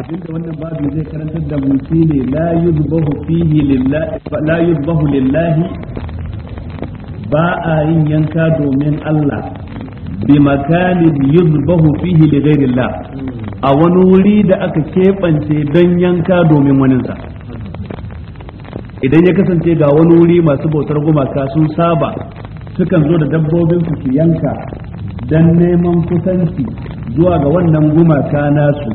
abinda wannan babu zai karantar da mu ne la yuzbahu fihi lillahi la lillahi ba a yin yanka domin Allah bi makanin yuzbahu fihi li ghayrillah a wani wuri da aka keɓance don yanka domin waninsa idan ya kasance ga wani wuri masu bautar gumaka sun saba sukan zo da dabbobin su yanka dan neman kusanci zuwa ga wannan gumaka nasu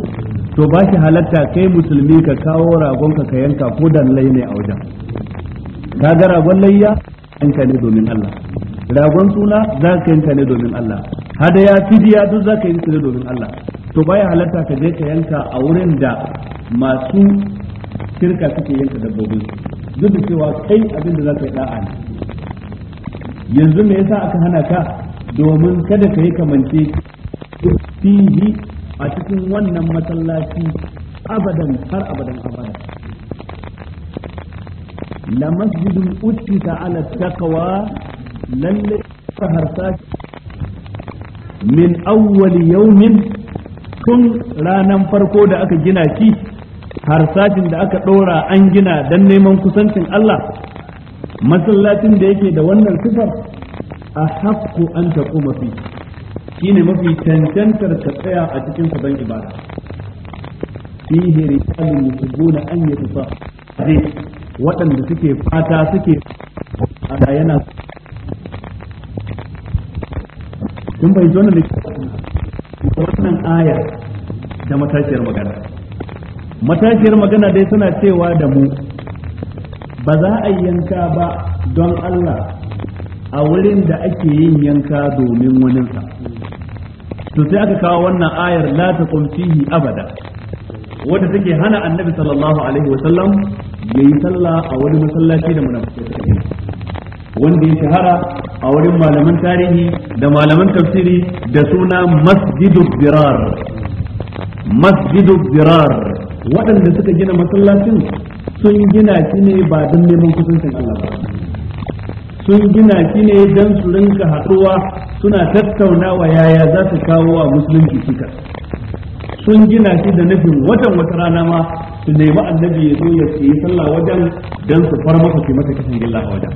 to ba shi halatta kai musulmi ka kawo ragonka ka yanka ko da lai ne a wajen ka ga ragon layya yanka ne domin Allah ragon suna za ka yanka ne domin Allah hadaya fidiya duk za ka yanka ne domin Allah to ba ya halatta ka je ka yanka a wurin da masu shirka suke yanka dabbobin duk da cewa kai abin da za ka yi da'a yanzu me yasa aka hana ka domin kada ka yi kamance fihi a cikin wannan masallaci abadan har abadan abadan la masjidun uttita ala taqwa lalle harsa min awwal yawmin tun ranan farko da aka gina shi harsashin da aka ɗora an gina don neman kusancin Allah masallacin da yake da wannan sifar ahaqqu an taquma fi shine mafi cancantar ta tsaya a cikin saban ibada fihi rijalun yuhibbuna an yatasahharu waɗanda suke fata suke ana yana kun bai zo ne wannan aya da matashiyar magana matashiyar magana dai suna cewa da mu ba za a yanka ba don Allah a wurin da ake yin yanka domin waninsa to sai aka kawo wannan ayar la taqum fihi abada wanda take hana annabi sallallahu alaihi wa sallam yayi sallah a wani masallaci da munafikai wanda ya shahara a wurin malaman tarihi da malaman tafsiri da suna masjidu birar masjidu birar waɗanda suka gina masallacin sun gina shi ne ba don neman kusan Allah ba sun gina shi ne don su rinka haɗuwa suna tattaunawa yaya za su kawo wa musulunci cika. sun gina shi da nufin watan wata rana ma su nemi annabi ya zo ya yi sallah wajen don su far masa ke mata kashin gilla a wajen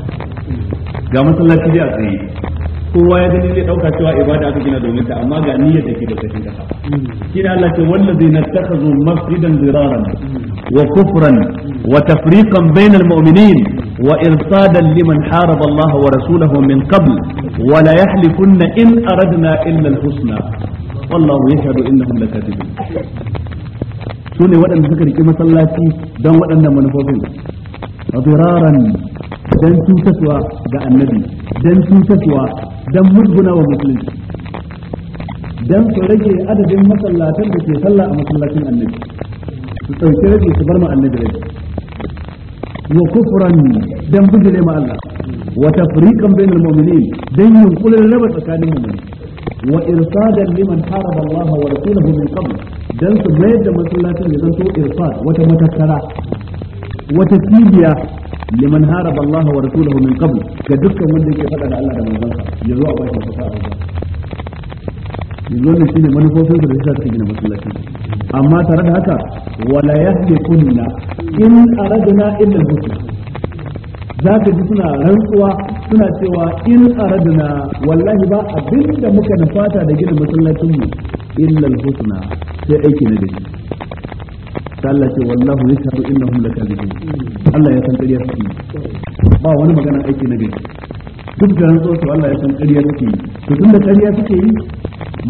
ga masallaci da a tsaye kowa ya gani zai dauka cewa ibada aka gina domin ta amma ga niyyar da ke da kashin kasa shi ne Allah ce wallazi nattakhazu masjidan ziraran wa kufran wa tafriqan bainal mu'minin wa irsadan liman haraba Allah wa rasulahu min qabl wa la yahlifunna in aradna illa al-husna wallahu yashhadu innahum lakadibun sune waɗanda suka riki masallaci don waɗannan manufofin ziraran dan tutaswa ga annabi dan tutaswa dan murguna wa musulunci dan su rage adadin masallatan da ke sallah a masallacin annabi su tsauke rage su bar ma annabi rage wa kufran dan bijire ma Allah wa tafriqan bainal mu'minin dan yunkurin raba tsakanin mu'minin wa irsadan liman haraba Allah wa rasulahu min qabl dan su mayar da masallacin da zanto irsad wata matakara wata cibiya liman haraba Allah wa rasuluhu min qabl ga dukkan wanda yake faɗa da Allah da manzon ya zo a ba shi fasaha yanzu wannan shine manufofin da yasa suka gina masallaci amma tare da haka wala yahlikunna in aradna illa al za zaka ji suna rantsuwa suna cewa in aradna wallahi ba abinda muka nufata da gina masallacin mu illa al sai aiki na dace ta Allah ce wallahu yashhadu innahum Allah ya san ba wani magana aiki na gari duk da rantsuwar su Allah ya san ƙarya suke yi to tun da ƙarya suke yi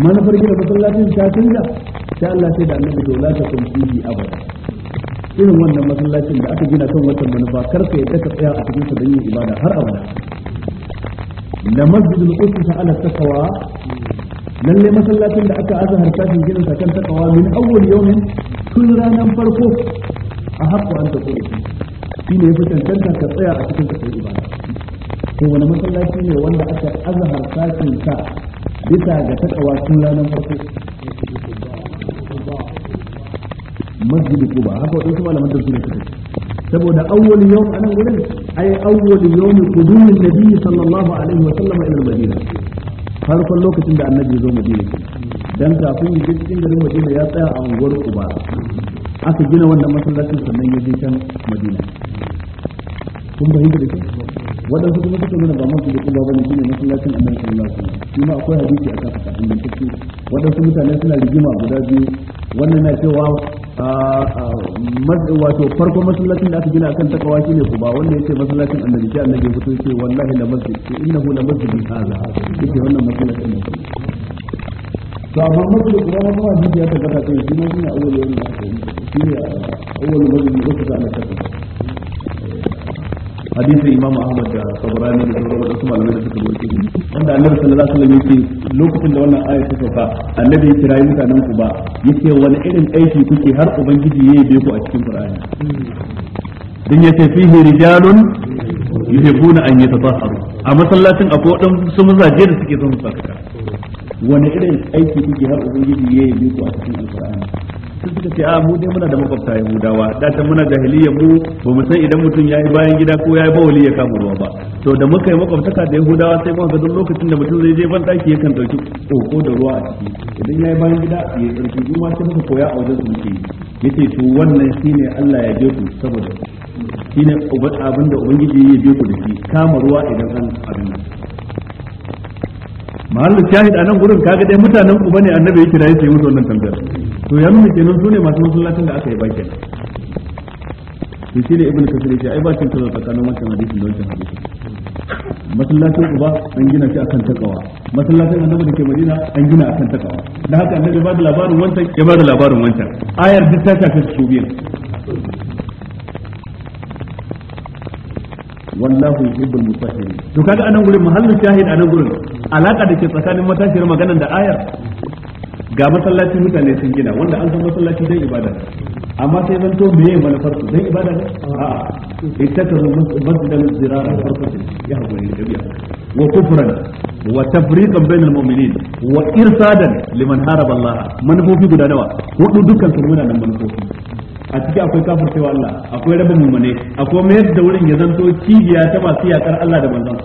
manufar gina masallacin ta canza sai Allah sai da annabi to la takum fihi abada irin wannan masallacin da aka gina kan watan manufa kar ka yadda ka tsaya a cikin sa dan yin ibada har abada la masjidul qudsi ala taqwa lalle masallacin da aka azahar tashin ginin sa kan takawa min awwal yawmin tun ranar farko a haƙƙo an ta kore shi ne yafi tantanta ka tsaya a cikin kasar ibada to wani masallaci ne wanda aka azahar tashin sa bisa ga takawa tun ranar farko masjid kuba haka wadansu malaman tafsiri suka ce saboda awwal yawm anan gurin ai awwal yawm qudumin nabi sallallahu alaihi wa sallam ila al-madina farkon lokacin da annabi zo madina dan kafin yi cikin garin madina ya tsaya a unguwar kuba aka gina wannan masallacin sannan ya je can madina kun bayyana da waɗansu kuma suke nuna ba masu da kuma bane shine masallacin annabi sallallahu alaihi wasallam shi akwai hadisi a kafa nan da take waɗansu mutane suna rigima guda biyu wannan na cewa wato farko masallacin da aka gina akan takawa shine ku ba wanda yake masallacin annabi sai annabi ya fito yace wallahi la masjid innahu la masjid hadha yake wannan masallacin ne to amma masjid kuma na hadisi ya tabbata kai shi ne shine da aka yi shi ne awwal da aka hadisin imam ahmad da sabrani da sauran wasu malamai da suka zoce wanda annabi sallallahu alaihi wasallam yake lokacin da wannan aya ta sauka annabi ya kira mutanen ku ba yake wani irin aiki kuke har ubangiji ya yabe ku a cikin qur'ani din yace fihi rijalun yuhibbuna an yatatahharu a masallacin akwai dan su mazaje da suke son su wani irin aiki kuke har ubangiji ya yabe ku a cikin qur'ani sai suka ce a mu dai muna da makwabta yahudawa da ta muna jahiliya mu ba mu san idan mutum ya yi bayan gida ko ya yi bawali ya kama ruwa ba to da muka yi makwabtaka da yahudawa sai kuma ga lokacin da mutum zai je ban daki yakan dauki koko da ruwa a ciki idan yayi bayan gida ya tsarki kuma sai muka koya a wajen su ya ce to wannan shine Allah ya je ku saboda shine abin da ubangiji ya je ku da shi kama ruwa idan an abin mahallin shahid a nan gurin kaga dai mutanen ku bane annabi yake rayuwa yake musu wannan tambayar to ya nuna kenan su ne masu masallacin da aka yi bakin to ne ibnu kasir yace ai bakin kaza tsakanin wannan hadisi da wannan hadisi masallacin uba an gina shi akan takawa masallacin annabi da ke madina an gina akan takawa da haka annabi ba da labarin wancan ya ba da labarin wancan ayar duk ta shafi su biyan wallahu yuhibbul mutahhirin to kaga anan gurin mahallin shahid anan gurin alaka da ke tsakanin matashiyar maganar da ayar ga masallaci mutane sun gina wanda an san masallaci dai ibada amma sai zan to meye manufar su dai ibada ne a'a ittakazu masjidan zirara farqatin ya hakuri da biya wa kufran wa tafriqan bainal mu'minin wa irsadan liman haraba Allah manufofi guda nawa hudu dukkan su muna nan manufofi a ciki akwai kafircewa Allah akwai raba mummune akwai mayar da wurin ya zanto cibiya ta masu yakar Allah da manzon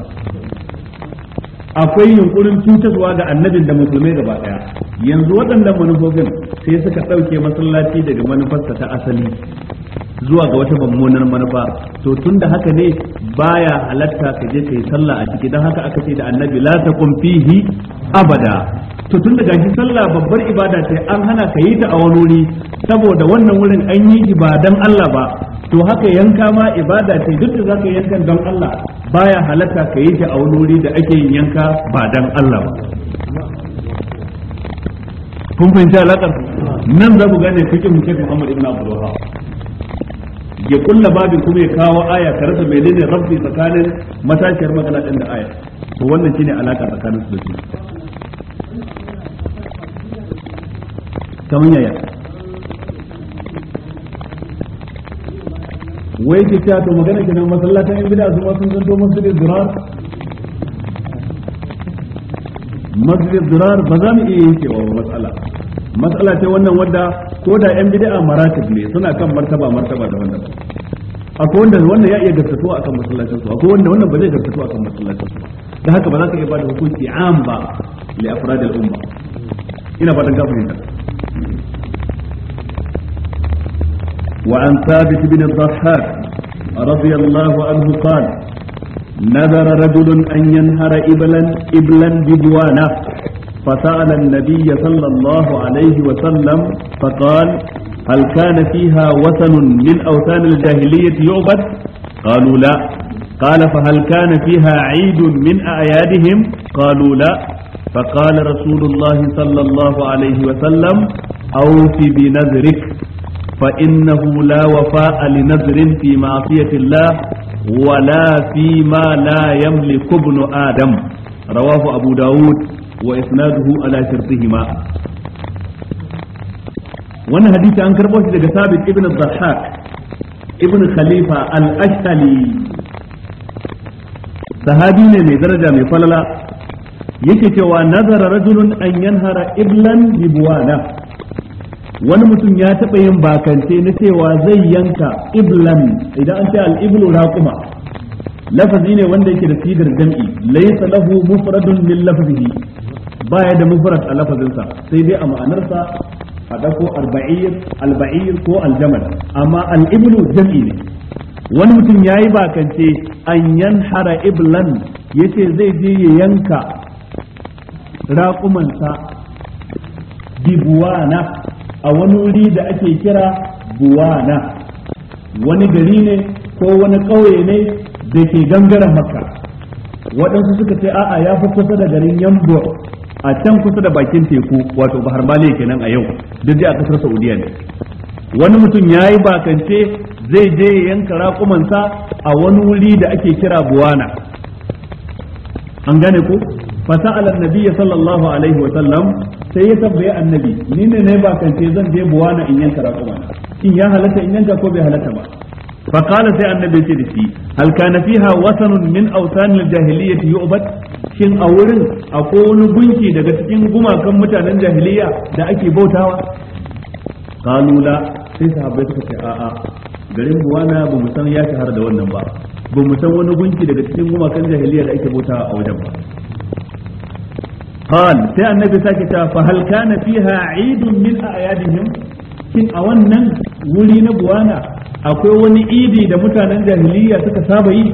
akwai yunkurin cutarwa ga annabin da musulmai gaba ɗaya yanzu waɗannan manufofin sai suka ɗauke masallaci daga manufarsa ta asali zuwa ga wata mummunar manufa to tunda haka ne baya halatta ka je kai sallah a ciki dan haka aka ce da annabi la taqum fihi abada to tun daga shi sallah babbar ibada ce an hana ka yi ta a wani wuri saboda wannan wurin an yi shi ba dan Allah ba to haka yanka ma ibada ce duk da zaka yanka dan Allah baya halatta ka yi ta a wani wuri da ake yin yanka ba dan Allah ba kun fahimci alaƙar nan za ku gane fikin mutum Muhammad ibn Abdullah ya kulla babin kuma ya kawo aya ka rasa menene rabbi tsakanin matashiyar magana din da aya to wannan shine alaka tsakanin su da su kamar yaya wai ki ta to magana kenan masallatan in bid'a su sun zanto masjidin durar masjidin durar ba za mu iya yin cewa matsala matsala ce wannan wadda ko da yan bid'a maratib ne suna kan martaba martaba da wannan akwai wanda wannan ya iya gaskatuwa akan masallacin su akwai wanda wannan ba zai gaskatuwa akan masallacin su da haka ba za ka iya bada hukunci am ba li afrad al umma ina fatan ka fahimta wa an thabit bin al-dhahhak radiyallahu anhu qala نذر رجل أن ينهر إبلا إبلا بدوانه فسأل النبي صلى الله عليه وسلم فقال هل كان فيها وثن من أوثان الجاهلية يعبد قالوا لا قال فهل كان فيها عيد من أعيادهم قالوا لا فقال رسول الله صلى الله عليه وسلم أوف بنذرك فإنه لا وفاء لنذر في معصية الله ولا فيما لا يملك ابن آدم رواه أبو داود وإسناده على شرطهما wannan hadisi an karbo shi daga sabit ibn dhahhak ibn khalifa al-ashali sahabi ne mai daraja mai falala yake cewa nazara rajulun an yanhara iblan bibuwana wani mutum ya taɓa yin bakance na cewa zai yanka iblan idan an ce al-iblu raquma lafazi ne wanda yake da sidar jam'i laysa lahu mufradun min lafzihi baya da mufrad a lafazinsa sai dai a ma'anarsa a ɗauko alba'ir ko aljamal amma al'iblu jam'i ne wani mutum ya yi bakance an yanhara iblan ya ce zai je ya yanka raƙumansa dibuwana a wani wuri da ake kira buwana wani gari ne ko wani ƙauye ne da ke gangaren makka waɗansu suka ce a'a ya fi kusa da garin yambo a can kusa da bakin teku wato bahar ke kenan a yau duk dai a kasar saudiya ne wani mutum ya yi bakance zai je ya yanka raƙumansa a wani wuri da ake kira buwana an gane ko fasa'ala ya sallallahu alaihi wa sallam sai ya tambaye annabi ni ne ne bakance zan je buwana in yanka raƙumansa in ya halatta in yanka ko bai halatta ba fa qala sai annabi ce da shi hal kana fiha ausanil min awsanil jahiliyyah yu'bad shin a wurin akwai wani gunki daga cikin gumakan mutanen jahiliya da ake bautawa qalu la sai sahabbai suka ce a'a garin buwana ba mu san ya shahara da wannan ba ba mu san wani gunki daga cikin gumakan jahiliya da ake bautawa a wajen ba قال سي النبي ساكتا فهل كان فيها عيد من a wannan wuri na نبوانا akwai wani idi da mutanen jahiliya suka saba yi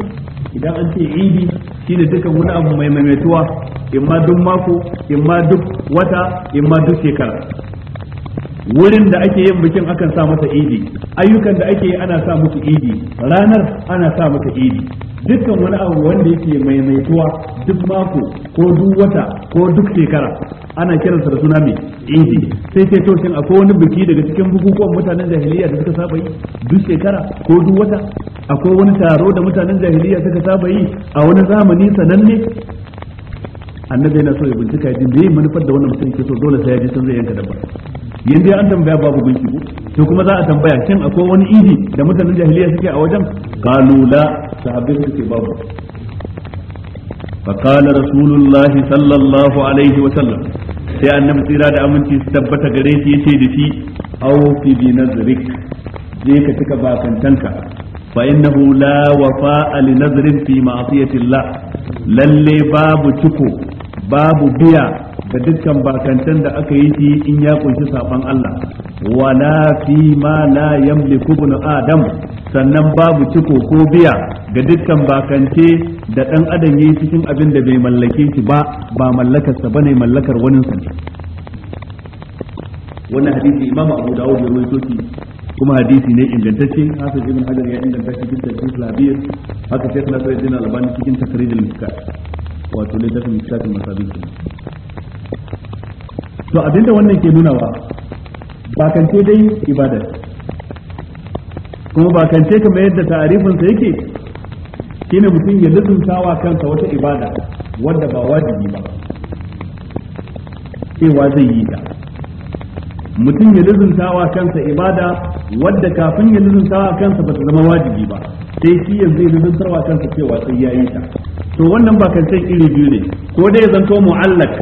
idan an ce idi shine dukkan wani abu mai maimaituwa in ma duk mako in ma duk wata in ma duk shekara wurin da ake yin bikin akan sa masa idi ayyukan da ake yi ana sa musu idi ranar ana sa masa idi dukkan wani abu wanda yake maimaituwa duk mako ko duk wata ko duk shekara ana kiransa da suna mai idi sai sai to shin akwai wani biki daga cikin bukukuwan mutanen jahiliya da suka saba yi duk shekara ko duk wata akwai wani taro da mutanen jahiliya suka saba yi a wani zamani sananne annabi yana so ya bincika ya ji me manufar da wannan mutum ke so dole sai ya ji sun zai yanka dabba yanzu an tambaya babu ko to kuma za a tambaya shin akwai wani idi da mutanen jahiliya suke a wajen kalula sahabbai suke babu فقال رسول الله صلى الله عليه وسلم sai annabi tsira da aminci su tabbata gare shi yace da shi aw fi bi nazrik je ka tuka bakantanka fa innahu la wafa'a li nazrin fi ma'siyati Allah lalle babu ciko babu biya da dukkan bakantan da aka yi shi in ya kunshi saban Allah wala fi ma la yamliku ibn adam sannan babu ciko ko biya ga dukkan bakance da ɗan adam yayi cikin abin da bai mallake shi ba ba mallakarsa ba ne mallakar wanin sa wannan hadisi imamu abu dawud ya rawaito shi kuma hadisi ne ingantacce hasan ibn hajar ya inganta shi cikin tafsir labir haka sai kana sai din albani cikin takrir al-miskat wato ne da miskat masabin to abinda wannan ke nunawa bakance dai ibada kuma ba kance kamar yadda ta'arifin sa yake shine mutum ya lizuntawa kansa wata ibada wadda ba wajibi ba cewa zai yi ta mutum ya lizuntawa kansa ibada wadda kafin ya lizuntawa kansa ba ta zama wajibi ba sai shi yanzu ya lizuntarwa kansa cewa sai ya yi ta to wannan ba kan sai iri biyu ne ko dai zanto mu'allak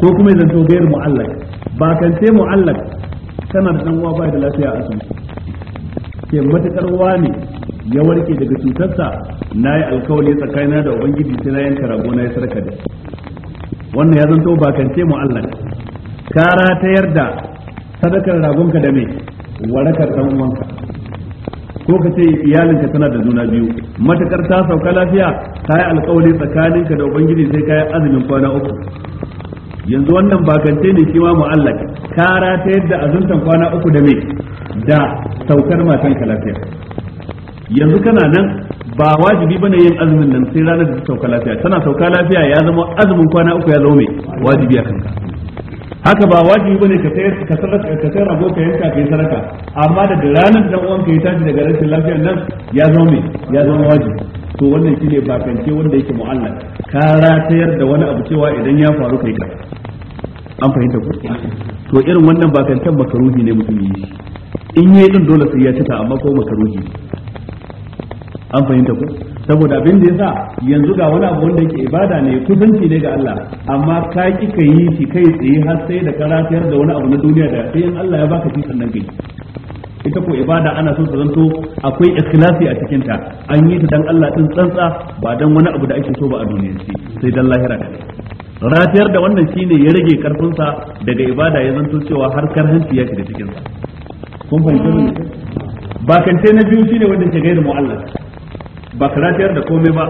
ko kuma ya zanto gairu mu'allak ba kan sai mu'allak tana da dan uwa ba da lafiya a asibiti ke matakar ne ya warke daga cutarsa na yi alkawali tsakanina da ubangiji sai na yanka rago na ya sarka da wannan ya zanto bakance mu Allah ka ratayar da sadakar ragonka da me warakar dan uwanka ko ka ce iyalinka tana da juna biyu matakar ta sauka lafiya ka yi alkawali tsakaninka da ubangiji sai ka yi azumin kwana uku yanzu wannan bakance ne kima mu Allah kara ta da azumtan kwana uku da me da saukar matan ka lafiya yanzu kana nan ba wajibi bane yin azumin nan sai ranar da ta sauka lafiya tana sauka lafiya ya zama azumin kwana uku ya zama mai wajibi a kanka haka ba wajibi bane ka sayar ka sarrafa ka sayar rago ka yanka ka amma da ranar da uwan ka ya tashi daga rashin lafiyar nan ya zama mai ya zama wajibi to wannan shine kance wanda yake mu'allal ka ratayar da wani abu cewa idan ya faru kai ka an fahimta ku to irin wannan bakantan makaruhi ne mutum yi in yi din dole sai ya cika amma ko makaruhi an fahimta ku? saboda abin da yasa yanzu ga wani abu wanda yake ibada ne kusanci ne ga Allah amma ka ki ka yi shi kai tsaye har sai da karatiyar da wani abu na duniya da sai in Allah ya baka shi sannan kai ita ko ibada ana so ta zanto akwai ikhlasi a cikin ta an yi ta dan Allah din tsantsa ba dan wani abu da ake so ba a duniya sai dan lahira kadai ratiyar da wannan shine ya rage karfin sa daga ibada ya zanto cewa har karhanci ya shiga cikin sa kun fahimta ne bakance na biyu shine wanda ke gairi mu'allaf ba karatiyar da komai ba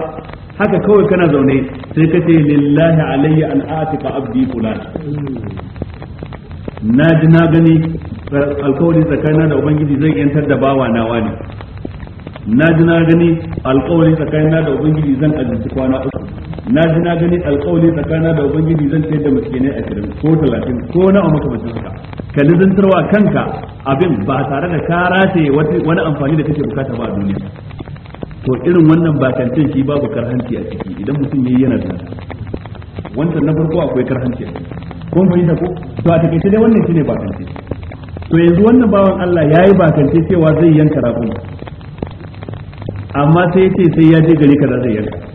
haka kawai kana zaune sai ka ce lillahi alayya an atika abdi fulan na ji na gani alkawari tsakanina da ubangiji zai yantar da bawa nawa ne na ji na gani alkawari tsakanina da ubangiji zan azinci kwana uku na ji na gani alƙawali tsakana da ubangiji zan tayar da miskinai ashirin ko talatin ko na a makamacin haka ka lizantarwa kanka abin ba tare da ka rataye wani amfani da kake bukata ba a duniya to irin wannan bakancin shi babu karhanci a ciki idan mutum ya yi yana da wancan na farko akwai karhanci a ciki kun fahimta ko to a takaice dai wannan shine bakance to yanzu wannan bawan Allah ya yi bakance cewa zai yanka rakun amma sai ce sai ya je gari kaza zai yanka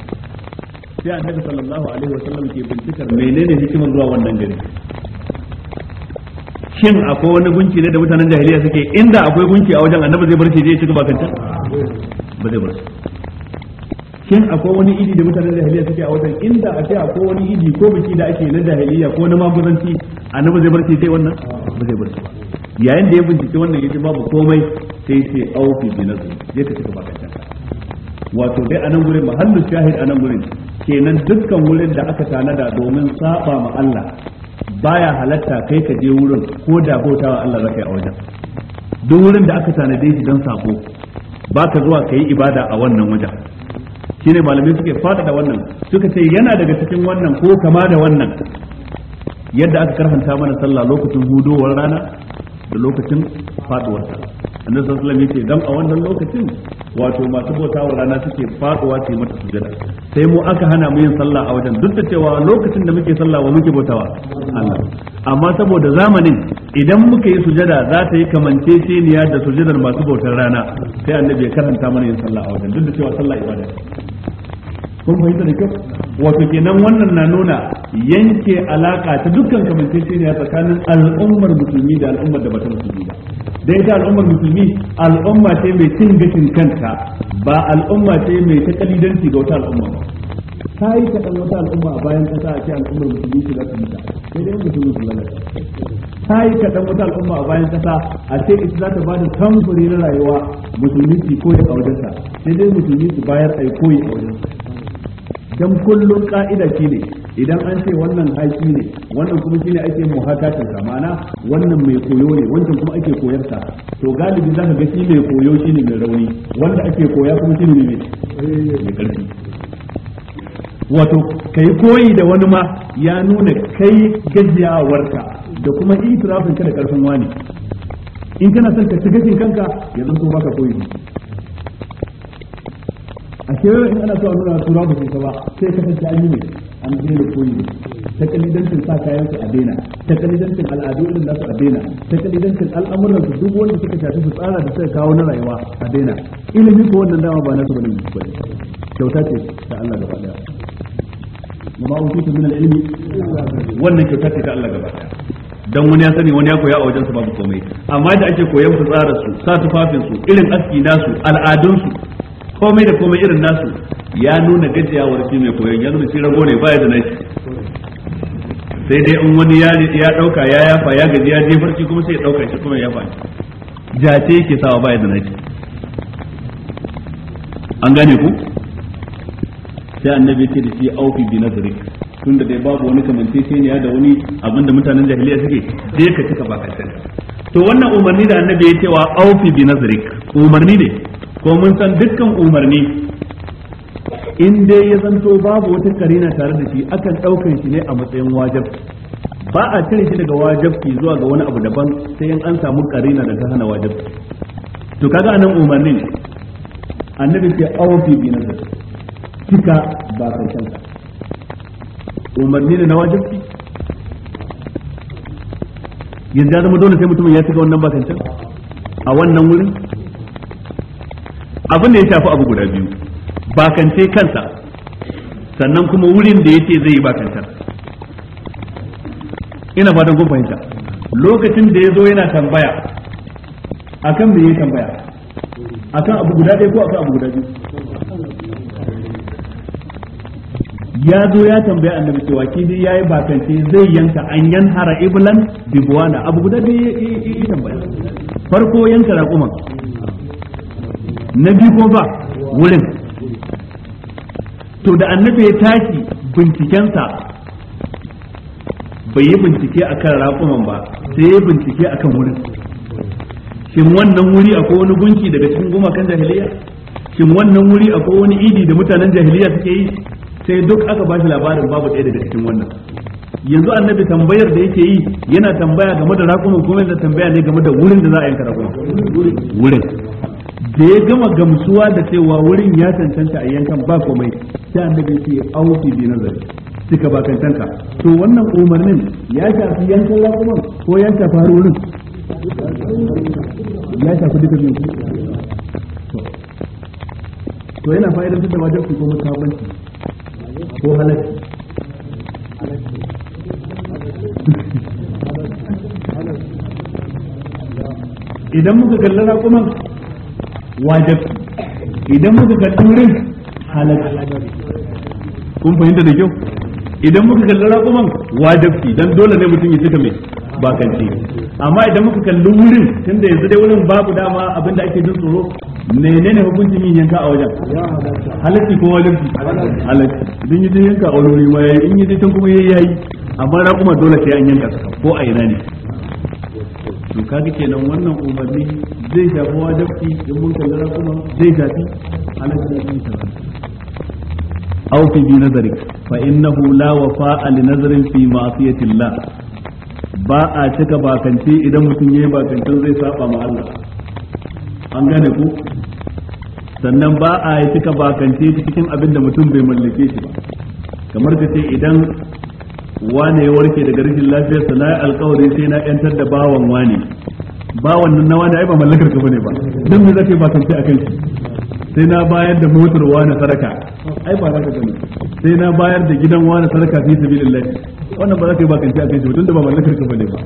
sai annabi sallallahu alaihi wa sallam ke bincikar menene hikimar zuwa wannan gari shin akwai wani gunki ne da mutanen jahiliya suke inda akwai gunki a wajen annabi zai bar shi je ya ci gaba kanta ba zai bar shi shin akwai wani idi da mutanen jahiliya suke a wajen inda a ce akwai wani idi ko biki da ake na jahiliya ko na maguzanci annabi zai bar shi sai wannan ba zai bar shi ba yayin da ya bincike wannan yaji babu komai sai ce aufi bi nazari je ka ci gaba kanta wato dai anan gurin mahallin shahid anan gurin kenan dukkan wurin da aka tanada domin saba ma Allah baya halatta kai ka je wurin ko da bautawa Allah zaka yi a wajen duk wurin da aka tanade shi don sako ka zuwa kai ibada a wannan wajen shine malamai suke fada da wannan suka ce yana daga cikin wannan ko kama da wannan yadda aka karhanta mana sallah lokacin hudowar rana da lokacin faduwar sallah annabi sallallahu alaihi wasallam dan a wannan lokacin wato masu bauta wa rana suke faduwa su mata sujada sai mu aka hana mu yin sallah a wajen duk da cewa lokacin da muke sallah wa muke bautawa Allah amma saboda zamanin idan muka yi sujada za ta yi kamanceceniya da sujadar masu bautar rana sai annabi ya karanta mana yin sallah a wajen duk da cewa sallah ibada kun fahimta da kyau wato kenan wannan na nuna yanke alaka ta dukkan kamanceceniya tsakanin al'ummar musulmi da al'ummar da bata musulmi ba dai ta al'ummar musulmi al'umma ce mai cin gashin kanta ba al'umma ce mai ta kalidanci ga wata al'umma ba ta yi kaɗan wata al'umma a bayan ƙasa a ce al'ummar musulmi su zafi mita sai dai musulmi sun lalata ta yi kaɗan wata al'umma a bayan ƙasa a ce ita za ta bada samfuri na rayuwa musulmi su koyi a sai dai musulmi su bayar a koyi a dan kullun ka'ida ne idan an ce wannan haƙi ne wannan kuma shine ake muhakatar sa ma'ana wannan mai koyo ne wancan kuma ake koyar sa to galibi zaka ga shi mai koyo shine mai rauni wanda ake koya kuma shine mai mai karfi wato kai koyi da wani ma ya nuna kai gajiyawarka da kuma itirafin ka da karfin wani in kana son ka shiga kanka ya zanto baka koyi a kewaye in ana so a nuna tura ba sai ba sai kasance an yi ne an daina koyi ne ta kalidancin sa kayan su a daina ta kalidancin al'adu irin nasu a daina ta kalidancin al'amuran su duk wanda suka shafi su tsara da suka kawo na rayuwa a daina ilimi ko wannan dama ba nasu bane ba kyauta ce ta Allah gaba daya amma utitu min al-ilmi wannan kyauta ce ta Allah gaba daya dan wani ya sani wani ya koya a wajen su babu komai amma da ake koyan su tsara su sa tufafin su irin aski nasu al'adun su komai da komai irin nasu ya nuna gajiyawar shi mai koyon ya nuna shi rago ne baya da nashi sai dai in wani ya ya dauka ya yafa ya gaji ya jefar shi kuma sai ya dauka shi kuma ya yafa jace yake sawa baya da nashi an gane ku sai annabi ce da shi aufi bi nazari tunda dai babu wani ya da wani abin da mutanen jahiliya suke sai ka cika baka to wannan umarni da annabi ya cewa aufi bi nazari umarni ne ko mun san dukkan umarni in dai ya zanto babu wata karina tare da shi akan ɗaukan shi ne a matsayin wajib ba a cire shi daga wajabci zuwa ga wani abu daban sai in an samu karina da ta hana wajib to kaga anan umarni ne annabi ke awfi bi nazar kika ba ka ka umarni ne na wajibci yanzu ya zama dole sai mutumin ya cika wannan ba karshen a wannan wurin abin da ya shafi abu guda biyu bakance kansa sannan kuma wurin da ya ce zai yi bakantar ina fatan kun fahimta lokacin da ya zo yana tambaya akan me ya tambaya akan abu guda ɗaya ko akan abu guda biyu ya zo ya tambaya annabi cewa ki dai yayi bakance zai yanka an yanhara iblan bibuwana abu guda biyu ya tambaya farko yanka raƙuman na biyu ko ba wurin to da annabi ya tashi bincikensa bai yi bincike akan raƙuman ba sai ya bincike akan wurin shin wannan wuri akwai wani gunki daga cikin goma kan jahiliya shin wannan wuri akwai wani idi da mutanen jahiliya suke yi sai duk aka ba shi labarin babu ɗaya daga cikin wannan yanzu annabi tambayar da yake yi yana tambaya game da raƙumin kuma yana tambaya ne game da wurin da za a yanka raƙumin wurin da ya gama gamsuwa da cewa wurin ya cancanta a yankan ba komai sai annabi ce auki bi nazari suka ba cancanta to wannan umarnin ya shafi yankan rakuman ko ya shafi har wurin ya shafi duka biyu to yana fa'idar da wajen kuma mutabanci ko halacci idan muka kalli rakuman wajib idan muka ga turin halal kun fahimta da kyau idan muka kalli raƙuman wajibci dan dole ne mutum ya cika mai bakanci amma idan muka kalli wurin tunda yanzu dai wurin babu dama abin da ake jin tsoro menene hukuncin yin yanka a wajen halatti ko wajibci halatti idan yi yanka a wurin wuri ma yayi in yi tan kuma yayi amma raƙuma dole sai an yanka ko a ina ne to kaga kenan wannan umarni zai shafi wajibci in mun kalli rakuma zai shafi halaccin sun ta aw fi bi nazari fa innahu la wafa al nazarin fi ma'siyati llah ba a cika bakance idan mutum yayi bakance zai saba ma Allah an gane ku sannan ba a yi cika bakance cikin abin da mutum bai mallake shi ba kamar ka ce idan wane ya warke daga rashin lafiyarsa na alkawari sai na yantar da bawan wane bawan nan na wane ai ba mallakar ka bane ba dan me zaka yi ba kanti akan shi sai na bayar da motar wani saraka ai ba za ka gani sai na bayar da gidan wani saraka fi sabilillah wannan ba za ka yi bakanci a kai shi tunda ba mallakar ka bane ba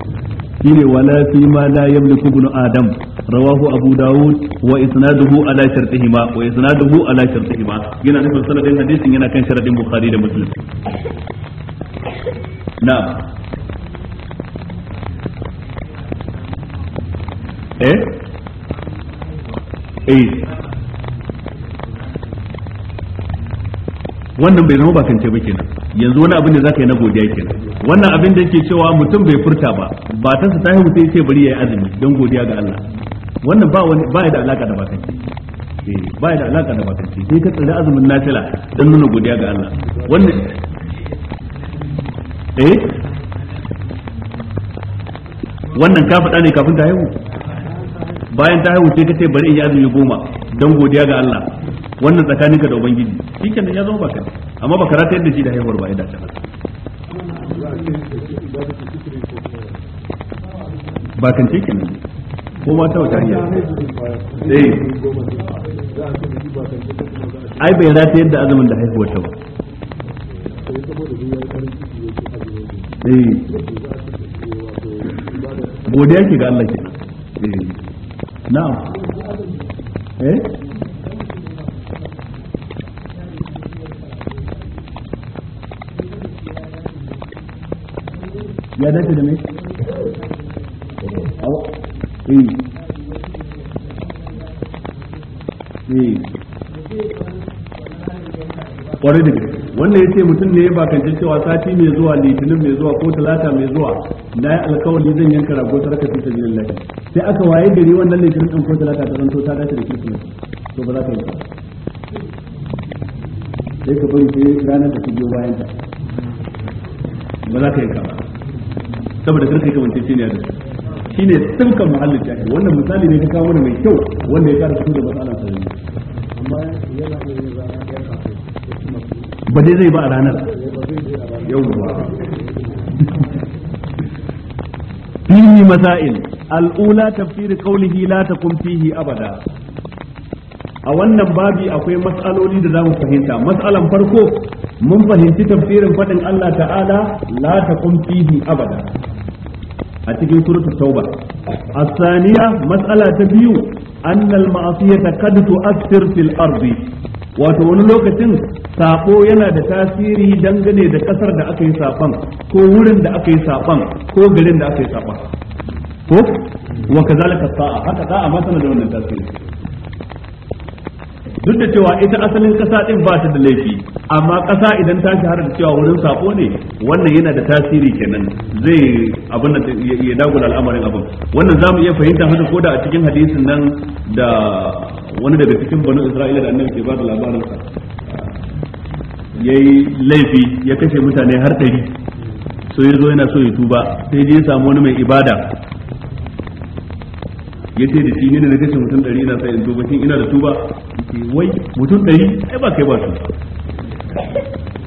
shine wala fi ma la yamliku ibn adam rawahu abu daud wa isnaduhu ala shartihima wa isnaduhu ala shartihima yana nufin sanadin hadisin yana kan sharadin bukhari da muslim Na eh eh wannan bai zama bakance ba kenan yanzu wani abin da zaka yi na godiya kenan wannan abin da yake cewa mutum bai furta ba ba ta su tahi mutum sai bari yayi azumi don godiya ga Allah wannan ba wani ba da alaka da bakance eh ba da alaka da bakance sai ka tsare azumin nafila don nuna godiya ga Allah wannan eh wannan ka faɗa ne kafin ta haihu bayan ta haihu sai ka ce bari in yi azumi goma don godiya ga Allah wannan tsakaninka da ubangiji shi kenan ya zama baka amma baka rata yadda shi da haihuwar ba ya dace ba kan ce kenan ko ma ta wata hanya eh ai bai rata yadda azumin da haihuwar ta ba Eh. godiya ke ga Allah ke eh. na'am eh ya dace da mai eh eh kwarai da gaske wannan ya ce mutum ne ya kan cewa sati mai zuwa litinin mai zuwa ko talata mai zuwa na yi alkawali zan yanka rago raka fita sabilin lafi sai aka waye gari wannan litinin din ko talata ta zanto ta dace da kirsimeti to ba za ka yi ba sai ka bari sai ranar da ta biyo bayan ta ba za ka yi ba saboda karka yi kamance shi ne da shi ne tsinkan muhallin jaki wannan misali ne ta kawo mai kyau wanda ya kara fito da matsalar sarari amma yana iya yin ba dai zai ba a ranar fihi masail al'ula tafsir qawlihi la takun fihi abada a wannan babi akwai mas'aloli da zamu fahimta mas'alan farko mun fahimci tafsirin faɗin Allah ta'ala la takun fihi abada a cikin suratu tauba الثانية ta biyu annal المعصية قد تؤثر fil ardi wato wani lokacin sako yana da tasiri dangane da kasar da aka yi sakon ko wurin da aka yi sakon ko garin da aka yi sakon ko wa kazalika sa'a haka za ma tana da wannan tasiri duk da cewa ita asalin kasa din ba ta da laifi amma kasa idan ta shahara da cewa wurin sako ne wannan yana da tasiri kenan zai abin da ya dagula al'amarin abin wannan zamu iya fahimta haka ko da a cikin hadisin nan da wani daga cikin banu Isra'ila da annabi ke ba da labarin sa yayi laifi ya kashe mutane har ɗari so ya zo yana so ya tuba sai dai ya samu wani mai ibada ya ce da shi ne na kashe mutum ɗari na sai in tuba shin ina da tuba ce wai mutum ɗari ai ba kai ba su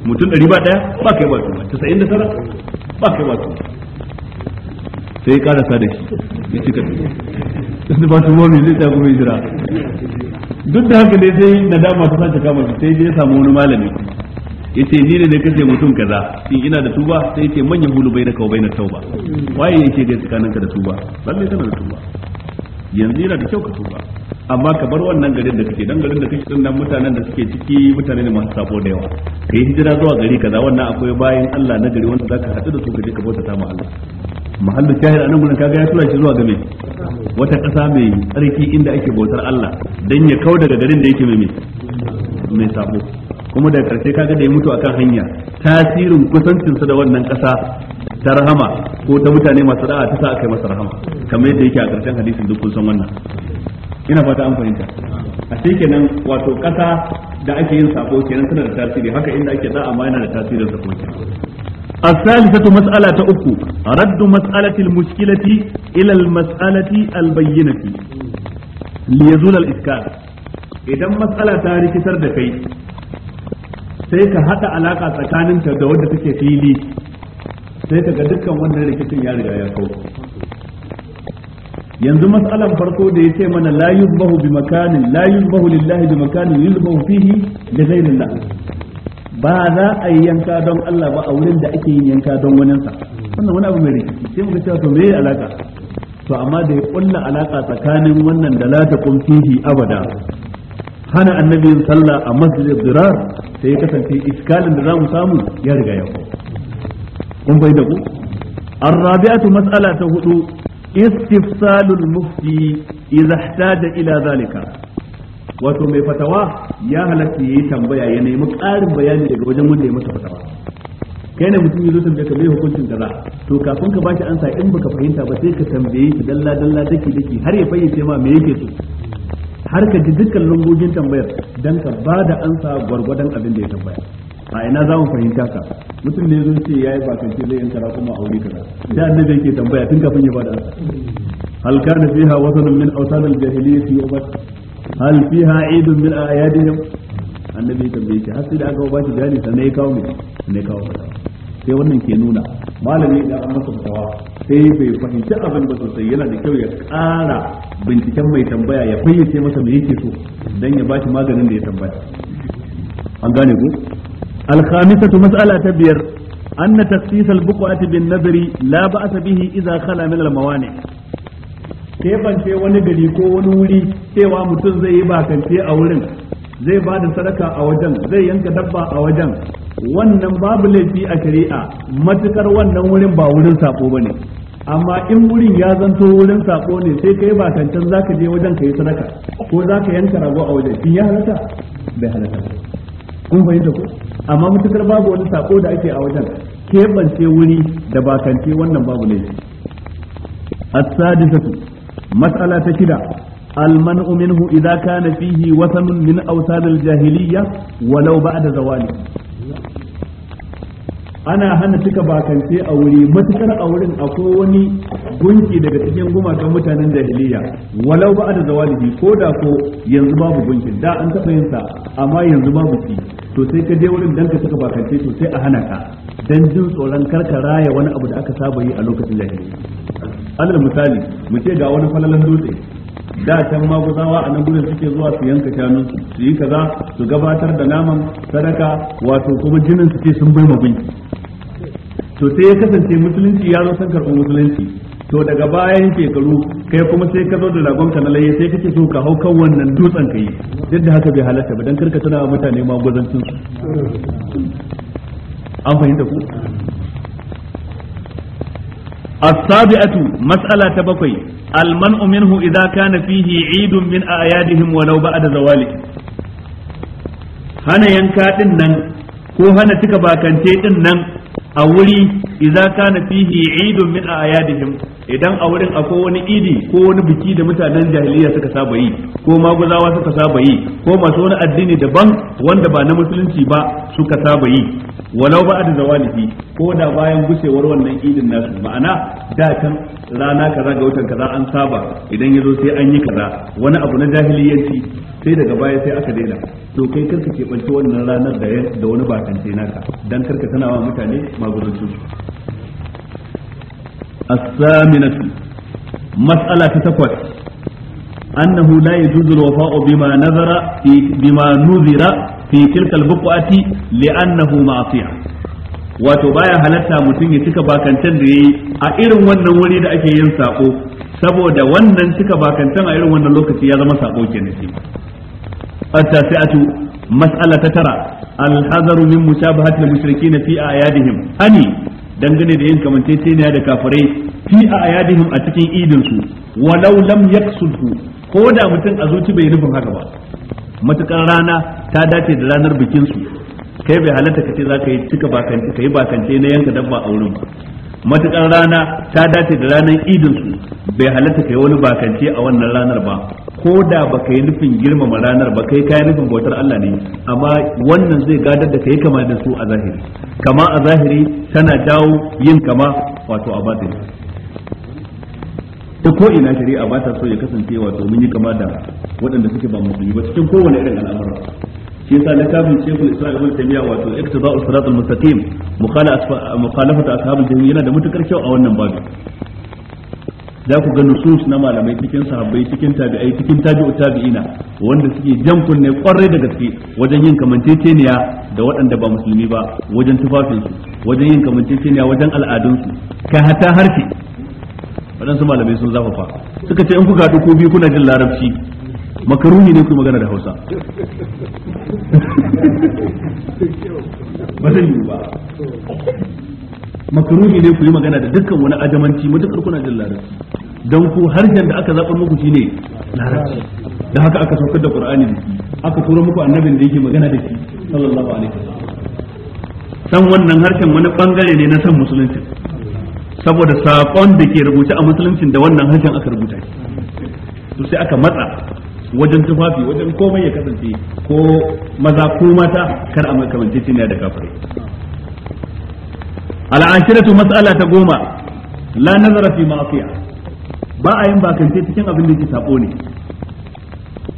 mutum ɗari ba ɗaya ba kai ba tuba tasa'in da sara ba kai ba su sai ka karasa da shi ya cika tuba da ba su mai zai tagu kuma jira duk da haka dai sai dama ta sace kama shi sai ya samu wani malami yace ni ne na kace mutum kaza shin ina da tuba sai yace manyan hulubai na da kawai na tauba waye yake ga tsakaninka da tuba lalle kana da tuba yanzu yana da kyau ka tuba amma ka bar wannan garin da kake dan garin da kake dan mutanen da suke ciki mutane ne masu sabo da yawa kai hijira zuwa gari kaza wannan akwai bayan Allah na gari wanda zaka haɗu da su ka je ka bauta ta ma Allah mahallu shahid anan gurin kaga ya tura shi zuwa game wata ƙasa mai tsarki inda ake bautar Allah dan ya kau daga garin da yake mai mai sabo kuma da karshe kaga da ya mutu akan hanya tasirin kusancinsa da wannan kasa ta rahama ko ta mutane masu da'a ta sa aka yi masa rahama kamar yadda yake a ƙarshen hadisin duk san wannan ina fata an fahimta a sai kenan wato ƙasa da ake yin sako kenan tana da tasiri haka inda ake da'a ma yana da tasirin sako الثالثة مسألة أكو رد مسألة المشكلة إلى المسألة البينة ليزول matsala إذا مسألة da سردكي sai ka haɗa alaƙa tsakaninka da wadda take fili sai kaga dukkan wannan rikicin ya riga ya kau yanzu mas'alan farko da ya ce mana la yuzbahu bi makanin la yuzbahu lillahi bi makanin yuzbahu fihi li ghayrillah ba za a yi yanka don Allah ba a wurin da ake yin yanka don waninsa wannan wani abu mai rikici sai muka cewa to me alaka to amma da ya kulla alaka tsakanin wannan da la taqum fihi abada hana annabi sallah a masjidil dirar sai ya kasance iskalin da zamu samu ya riga ya kun bai da ku arrabi'atu mas'ala ta hudu istifsalul mufti idza ihtaja ila zalika wato mai fatawa ya halatta yi tambaya ya nemi ƙarin bayani daga wajen wanda ya masa fatawa kai ne mutum yazo tambaye ka me hukuncin kaza to kafin ka bashi ansa in baka fahimta ba sai ka tambaye shi dalla dalla daki daki har ya fayyace ma me yake so har ka ji dukkan lungogin tambayar dan ka bada ansa gwargwadon abin da ya tambaya a ina za mu fahimta ka mutum ne zai ce ya bakan bakance zai yanka raƙuma aure kaza sai annabi yake tambaya tun kafin ya bada hal kana fiha wasanun min awsan al-jahiliyyah yubat hal fiha idun min ayadihim annabi ya tambaye shi har sai da aka ba shi jari sannan ya kawo ne ne kawo sai wannan ke nuna malami da an masa fitawa sai bai fahimci abin ba sosai yana da kyau ya ƙara binciken mai tambaya ya fayyace masa me yake so dan ya ba shi maganin da ya tambaya an gane ku الخامسة مسألة بير أن تخصيص البقعة بالنذر لا بأس به إذا خلا من الموانع kebance wani gari ko wani wuri cewa mutum zai yi bakance a wurin zai ba da sadaka a wajen zai yanka dabba a wajen wannan babu laifi a shari'a matukar wannan wurin ba wurin sako bane amma in wurin ya zanto wurin sako ne sai kai ba kancan zaka je wajen ka yi sadaka ko zaka yanka rago a wajen in ya halatta bai halatta kun fahimta ko amma matukar babu wani sako da ake a wajen keɓance wuri da bakance wannan babu ne as-sadisatu mas'ala ta shida al-man'u minhu idza kana fihi wasan min awsan al-jahiliyya walau da zawali ana hana cika bakance a wuri matukar a wurin akwai wani gunki daga cikin gumakan mutanen jahiliya walau ba da zawalibi ko da ko yanzu babu gunkin da an taɓa yin sa amma yanzu babu shi to sai ka je wurin dan ka cika bakance to sai a hana ka dan jin tsoron karka raya wani abu da aka saba yi a lokacin jahiliya alal misali mu ce ga wani falalan dutse da can maguzawa a nan gudun suke zuwa su yanka shanu su yi kaza su gabatar da naman sadaka wato kuma jinin suke sun bai ma gunki to sai ya kasance musulunci ya zo san musulunci to daga bayan shekaru kai kuma sai ka zo da ragon ka na laye sai kake so ka hau kan wannan dutsen ka yi duk da haka bai halatta ba dan karka tana mutane ma gwazancin su an fahimta ku السابعة مسألة بقي المنع منه إذا كان فيه عيد من أعيادهم ولو zawali. Hana yanka ينكا nan ko hana cika bakance din nan a wuri idza kana fihi eidun min ayadihim idan a wurin akwai wani idi ko wani biki da mutanen jahiliya suka saba yi ko maguzawa suka saba yi ko masu wani addini daban wanda ba na musulunci ba suka saba yi walau ba da zawalihi ko da bayan gushewar wannan idin nasu ma'ana da kan rana kaza ga watan kaza an saba idan ya zo sai an yi kaza wani abu na jahiliyanci sai daga baya sai aka daina to kai karka ke banci wannan ranar da da wani bakance naka dan karka tana wa mutane magudancin su as-saminatu matsala ta takwas annahu la yajuzu al-wafa'u bima nazara bima nuzira fi tilka al-buqati li'annahu Mafia. wato baya halatta mutum ya cika bakancen da yayi a irin wannan wuri da ake yin sako saboda wannan cika bakancen a irin wannan lokaci ya zama sako ke shi التاسعة مسألة ترى الحذر من مشابهة المشركين في أعيادهم أني dangane da yin kamantaceniya da kafirai fi a ayadihim a cikin idinsu walau lam yaksudhu ko da mutum a zuci bai nufin haka ba matukar rana ta dace da ranar bikinsu kai bai halatta kace za ka yi cika bakance bakance na yanka dabba a wurin matukan rana ta dace da ranar idin su bai halatta kai wani bakance a wannan ranar ba ko da ba yi nufin girmama ranar ba kai kai nufin bautar Allah ne amma wannan zai gadar da kai kama da su a zahiri kama a zahiri tana jawo yin kama wato a batin ta ko ina shari'a ba ta so ya kasance wato mun yi kama da waɗanda suke ba musulmi ba cikin kowane irin al'amura shi yasa littafin shekul isra'il ibn tamiya wato iktida'u sirat al-mustaqim mukhalafatu ashab al-jahim yana da matukar kyau a wannan babu za ku ga nusus na malamai cikin sahabbai cikin tabi'ai cikin tabi'u tabi'ina wanda suke jan kunne kwarai da gaske wajen yin kamanceceniya da waɗanda ba musulmi ba wajen tufafinsu wajen yin kamanceceniya wajen al'adunsu kai hata harfi waɗansu malamai sun zafafa suka ce in ku gaɗu ku biyu kuna jin larabci makaruni ne ku magana da hausa ba zan yi ba makaruni ne ku yi magana da dukkan wani adamanci mutukar kuna jin larabci don ku harshen da aka zaɓar muku ne larabci da haka aka saukar da ƙur'ani, da aka tura muku annabin da yake magana da shi sallallahu alaihi wasallam san wannan harshen wani bangare ne na san musulunci saboda saƙon da ke rubuta a musuluncin da wannan harshen aka rubuta shi to sai aka matsa wajen tufafi wajen komai ya kasance ko maza ko mata kar a makamance ne da kafare al'ashiratu mas'ala ta goma la nazara fi ba a yin bakance cikin abin da ke sabo ne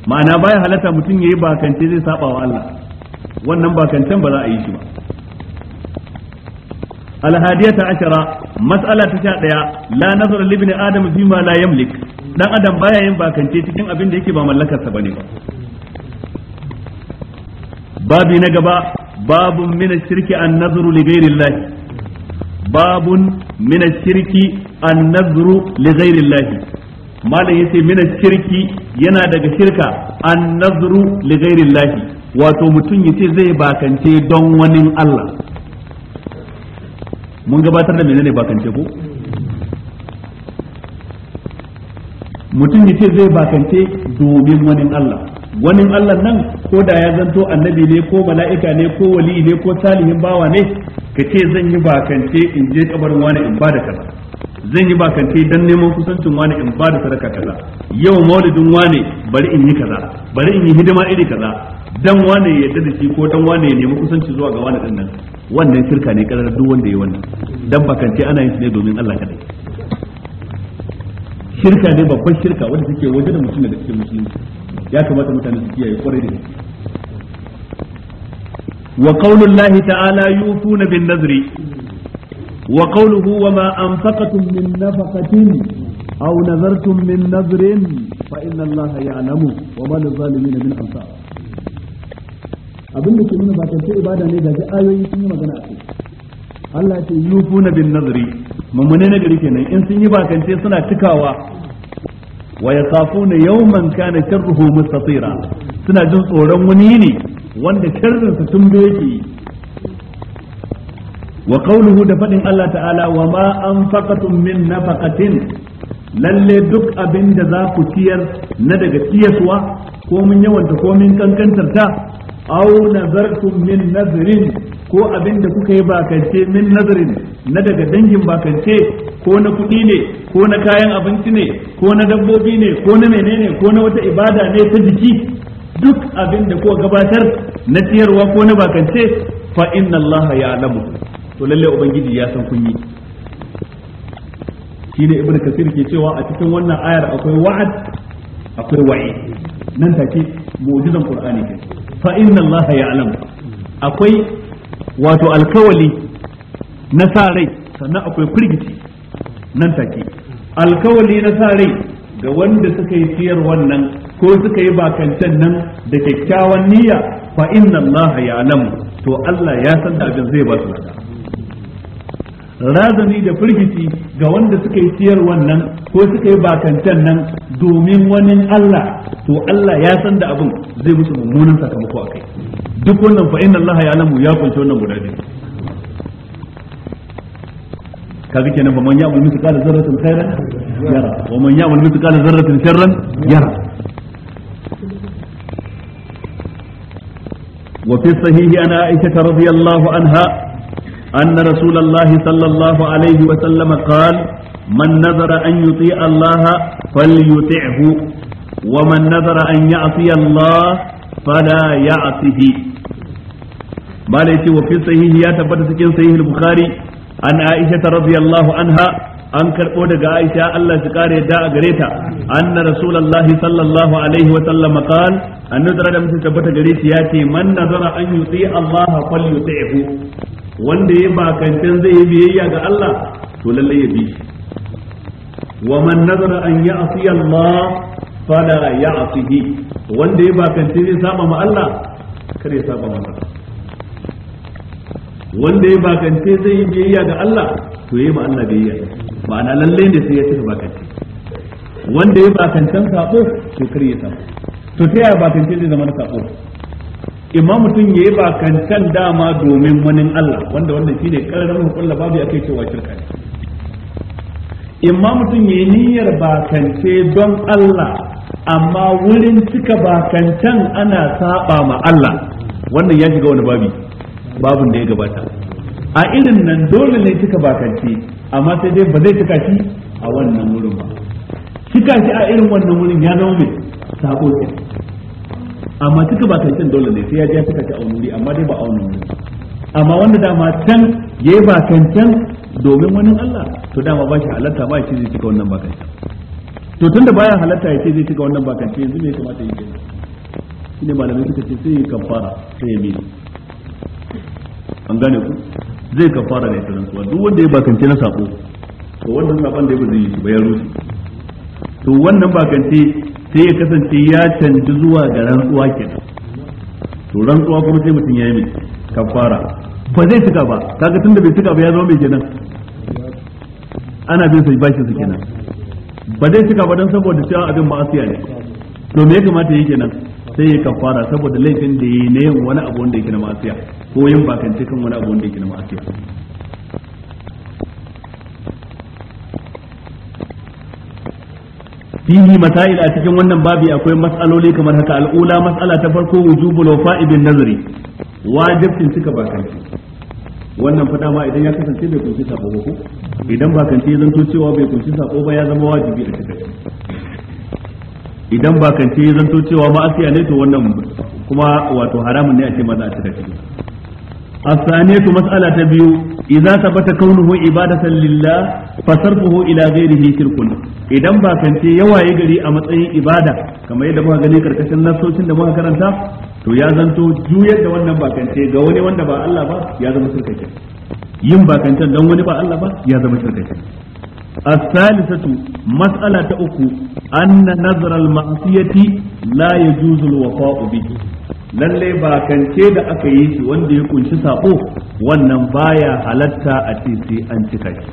ma'ana baya halatta mutum ya yi bakance zai saba wa Allah wannan bakancen ba za a yi shi ba ta عشرة مسألة la nazara نظر Adam آدم فيما la يملك dan adam baya yin bakance cikin abin da yake ba mallakarsa bane ba Babu na gaba babu min shirki an nazru li ghairi llahi babun min shirki an nazru li ghairi llahi malam yace min shirki yana daga shirka an nazru li ghairi wato mutum yace zai bakance don wani Allah mun gabatar da menene bakance ko mutum ya ce zai bakance domin wani Allah wani Allah nan ko da ya zanto annabi ne ko mala'ika ne ko wali ne ko salihin bawa ne ka ce zan yi bakance in je kabarin wani in ba da kaza zan yi bakance dan neman kusancin wani in ba da sadaka kaza yau maulidin wani bari in yi kaza bari in yi hidima iri kaza dan wani ya yarda da shi ko dan wani ya nemi kusanci zuwa ga wani din wannan shirka ne karar duk wanda ya wannan dan bakance ana yin shi ne domin Allah kadai shirka ne babban shirka wanda take waje da mutum da cikin musulunci ya kamata mutane su kiyaye kwarai da gaske wa qaulullahi ta'ala yufuna bin nazri wa qawluhu wa ma anfaqatum min nafaqatin aw nazartum min nazrin fa inna allaha ya'lamu wa ma lizalimin min ansar abin da ke nuna ba ta ibada ne ga ayoyi sun yi magana a kai Allah ya ce yufuna bin nazri mummune na gari kenan in sun yi bakance suna cikawa wa yakhafuna yawman kana sharruhu mustatira suna jin tsoron wani ne wanda sharrin su tun yake wa qawluhu da faɗin Allah ta'ala wa ma anfaqatum min nafaqatin lalle duk abin da za ku ciyar na daga ciyaswa ko mun yawanta ko min kankantar ta aw nazartum min nazrin ko abinda kuka yi bakance min nazarin na daga dangin bakance ko na kuɗi ne ko na kayan abinci ne ko na dabbobi ne ko na menene ko na wata ibada ne ta jiki duk abinda da kuka gabatar na ciyarwa ko na bakance fa inna Allah ya to lalle ubangiji ya san kun yi shine ibnu kasir ke cewa a cikin wannan ayar akwai wa'ad akwai wa'i nan take mu'jizan qur'ani ke fa inna allaha ya'lam akwai wato alkawali na sa rai sannan akwai firgiti nan take alkawali na sa rai ga wanda suka yi siyar wannan ko suka yi bakancan nan da kyakkyawan niyya fa inna allaha ya'lam to Allah ya san da abin zai ba su lada razani da firgici ga wanda suka yi siyar wannan ko suka yi bakantan nan domin wani Allah to Allah ya san da abin zai musu mummunan sakamako akai duk wannan fa inna Allah ya lamu ya kunce wannan guda biyu kaga kenan ba man ya'mal mithqala zarratin khairan yara wa man ya'mal mithqala zarratin sharran yara وفي الصحيح عن عائشة رضي الله عنها أن رسول الله صلى الله عليه وسلم قال من نذر أن يطيع الله فليطعه ومن نذر أن يعصي الله فلا يعصيه بل وفي صحيح يا تبت سكين صحيح البخاري عن عائشة رضي الله عنها an karɓo daga Aisha Allah su kare da a gare ta anna rasulullahi sallallahu alaihi wa sallam qal annadara da mutum tabbata gare shi ya ce man nazara an yuti Allah fal yuti'hu wanda ya bakantan zai yi biyayya ga Allah to lalle ya bi wa man nazara an ya'si Allah fala asihi wanda ya bakance zai saba ma Allah kare saba ma Allah wanda ya bakance zai yi biyayya ga Allah to yayi ma Allah biyayya ma'ana lalle ne sai ya cika bakance wanda ya bakancan sabo to kare ya sabo to ta yaya bakance zai zama na sabo imma mutum ya yi bakancan dama domin wani Allah wanda wannan shi ne ƙararren hukulla babu ya kai cewa shirka ne imma mutum ya yi niyyar bakance don Allah amma wurin cika bakantan ana saba ma Allah wannan ya shiga wani babi babin da ya gabata a irin nan dole ne cika bakance amma sai dai ba zai cika shi a wannan wurin ba cika shi a irin wannan wurin ya zama mai sako ce amma cika bakancen dole ne sai ya ya cika shi a wani wuri amma dai ba a wannan wuri amma wanda dama can ya yi bakancan domin wani Allah to dama ba shi halatta ba shi zai cika wannan bakancan to tunda baya halatta ya ce zai cika wannan bakance yanzu me kamata ya shi ne malamai suka ce sai ya kafara sai ya mini an gane ku zai kafara ne tsaron suwa duk wanda ya bakance na sako to wannan sakon da ya zai yi bayan ya rushe to wannan bakance sai ya kasance ya canji zuwa ga rantsuwa kenan to rantsuwa kuma sai mutum ya yi mai kafara ba zai cika ba kaga tunda bai cika ba ya zama mai kenan ana bin sai bashi su kenan ba zai cika ba dan saboda cewa abin ba asiya ne to me ya kamata yake nan sai ya kafara saboda laifin da yi na yin wani abu wanda yake na masiya ko yin bakance kan wani abu wanda yake na masiya fihi masail a cikin wannan babu akwai mas'aloli kamar haka al'ula mas'ala ta farko wujubul wafa'i bin nazari wajibcin cika bakanci wannan fada ma idan ya kasance bai kunshi sako ba ko idan ba kanti ya zanto cewa bai kunshi sako ba ya zama wajibi a cikin idan ba kanti ya zanto cewa asiya ne to wannan kuma wato haramun ne a ce maza a cikin mas'ala ta biyu إذا sabata kaunuhu ibadatan lillah fasarfuhu ila ghairihi shirkun idan ba kanti yawa gari a matsayin ibada kamar yadda muka gani karkashin nasocin da muka karanta to ya zanto juyar da wannan bakance ga wani wanda ba Allah ba ya zama shirka yin bakancen don wani ba Allah ba ya zama shirka الثالثة uku anna nazar al-ma'siyati la yajuzu al به lallai lalle bakance da aka yi shi wanda ya kunshi sako wannan baya halatta a ce sai an cika shi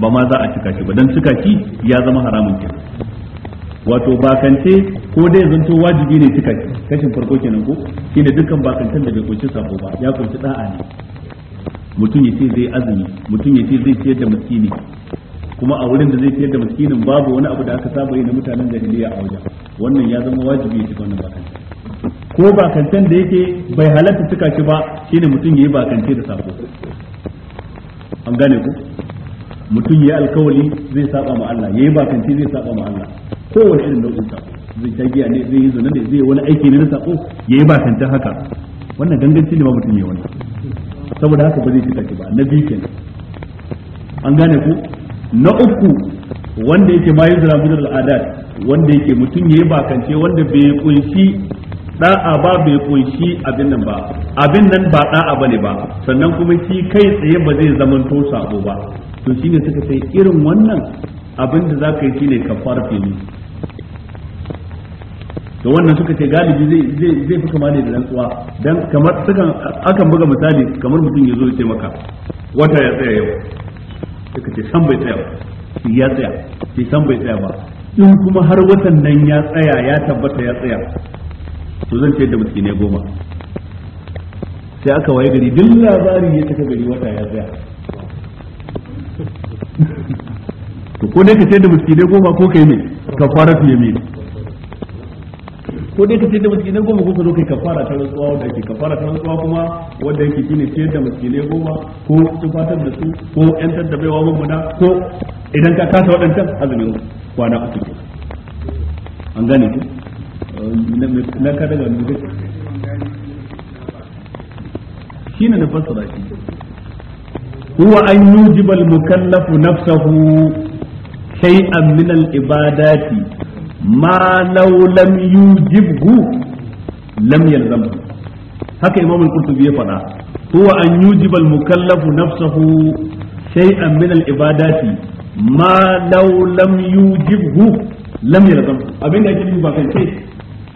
ba ma za a cika shi ba don cika shi ya zama haramun ke wato bakance ko dai zanto wajibi ne cika kashin farko kenan ko shine dukkan bakantan da bai kunshi sabo ba ya kunshi da'a ne mutum ya ce zai azumi mutum ya ce zai ciyar da miskini kuma a wurin da zai ciyar da miskinin babu wani abu da aka saba yi na mutanen jahiliya a wajen wannan ya zama wajibi ya cika wannan bakance ko bakantan da yake bai halatta cika shi ba shine mutum ya yi bakance da sabo an gane ku mutum ya alkawali zai saba ma Allah yayi bakance zai saba ma Allah kowane irin nau'in sako zai ta giya ne zai yi zina ne zai wani aiki ne na sako yi ba ta haka wannan ganganci ne ma mutum ya wani saboda haka ba zai fita ki ba na biyu ke an gane ku na uku wanda yake ma yuzra min al'ada wanda yake mutum ya yi ba kance wanda bai kunshi da'a ba bai kunshi abin nan ba abin nan ba da'a bane ba sannan kuma shi kai tsaye ba zai to sako ba to shine suka sai irin wannan abin da za ka yi shine fara fili da wannan suka ce galibi zai zai zai fi kama ne da rantsuwa dan kamar sukan akan buga misali kamar mutum ya zo ya ce maka wata ya tsaya yau suka ce san bai tsaya ba ya tsaya sai san bai tsaya ba in kuma har watan nan ya tsaya ya tabbata ya tsaya to zan ce da mutum ne goma sai aka waye gari duk labarin ya taka gari wata ya tsaya to ko ne ka ce da miskinai goma ko kai ne ka fara fiye mai ko dai ka ce da miskinai goma ko ka zo kai kafara ta rantsuwa wanda ake kafara ta rantsuwa kuma wanda yake shine ciyar da miskinai goma ko tufatar da su ko yantar da baiwa mamuna ko idan ka kasa waɗancan azumin kwana uku ke an gane ku na ka daga wani gaske shine na fassara shi huwa an yujiba al-mukallafu nafsahu shay'an min al-ibadati ma law lam yujibhu lam haka imam al-qurtubi ya faɗa huwa an yujiba al-mukallafu nafsahu shay'an min al-ibadati ma law lam yujibhu lam yalzam abin da ake nufi ba kai sai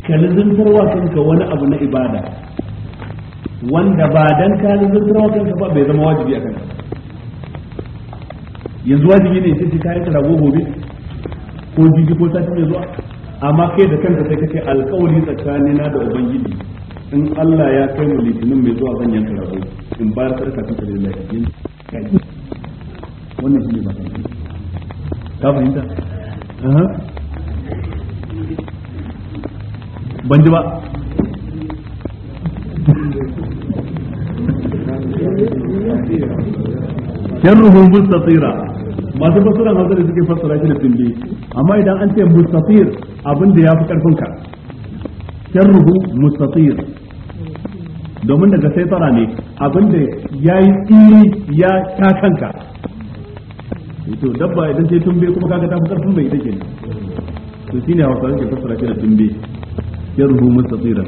ka lizantarwa kanka wani abu na ibada wanda ba dan ka lizantarwa ba bai zama wajibi a yanzu wajibi ne sai ka rika rago gobe ko jiji ko sati mai zuwa amma kai da kanka sai kake tsakanin tsakanina da ubangiji in Allah ya kai mu litinin mai zuwa zan yanka rabo in bayar ka ta da lafiya wannan shine ba ka fahimta ban ji ba sharruhum mustatira masu fasuran hausa da suke fassara shi da tumbe amma idan an ce mustafir abin da ya fi karfin ka sharruhu mustafir domin daga sai tsara ne abin da ya yi tsiri ya ta kanka to dabba idan sai tumbe kuma kaga ta fi karfin bai ita ke to a wasu suke fassara shi da tumbe sharruhu mustafir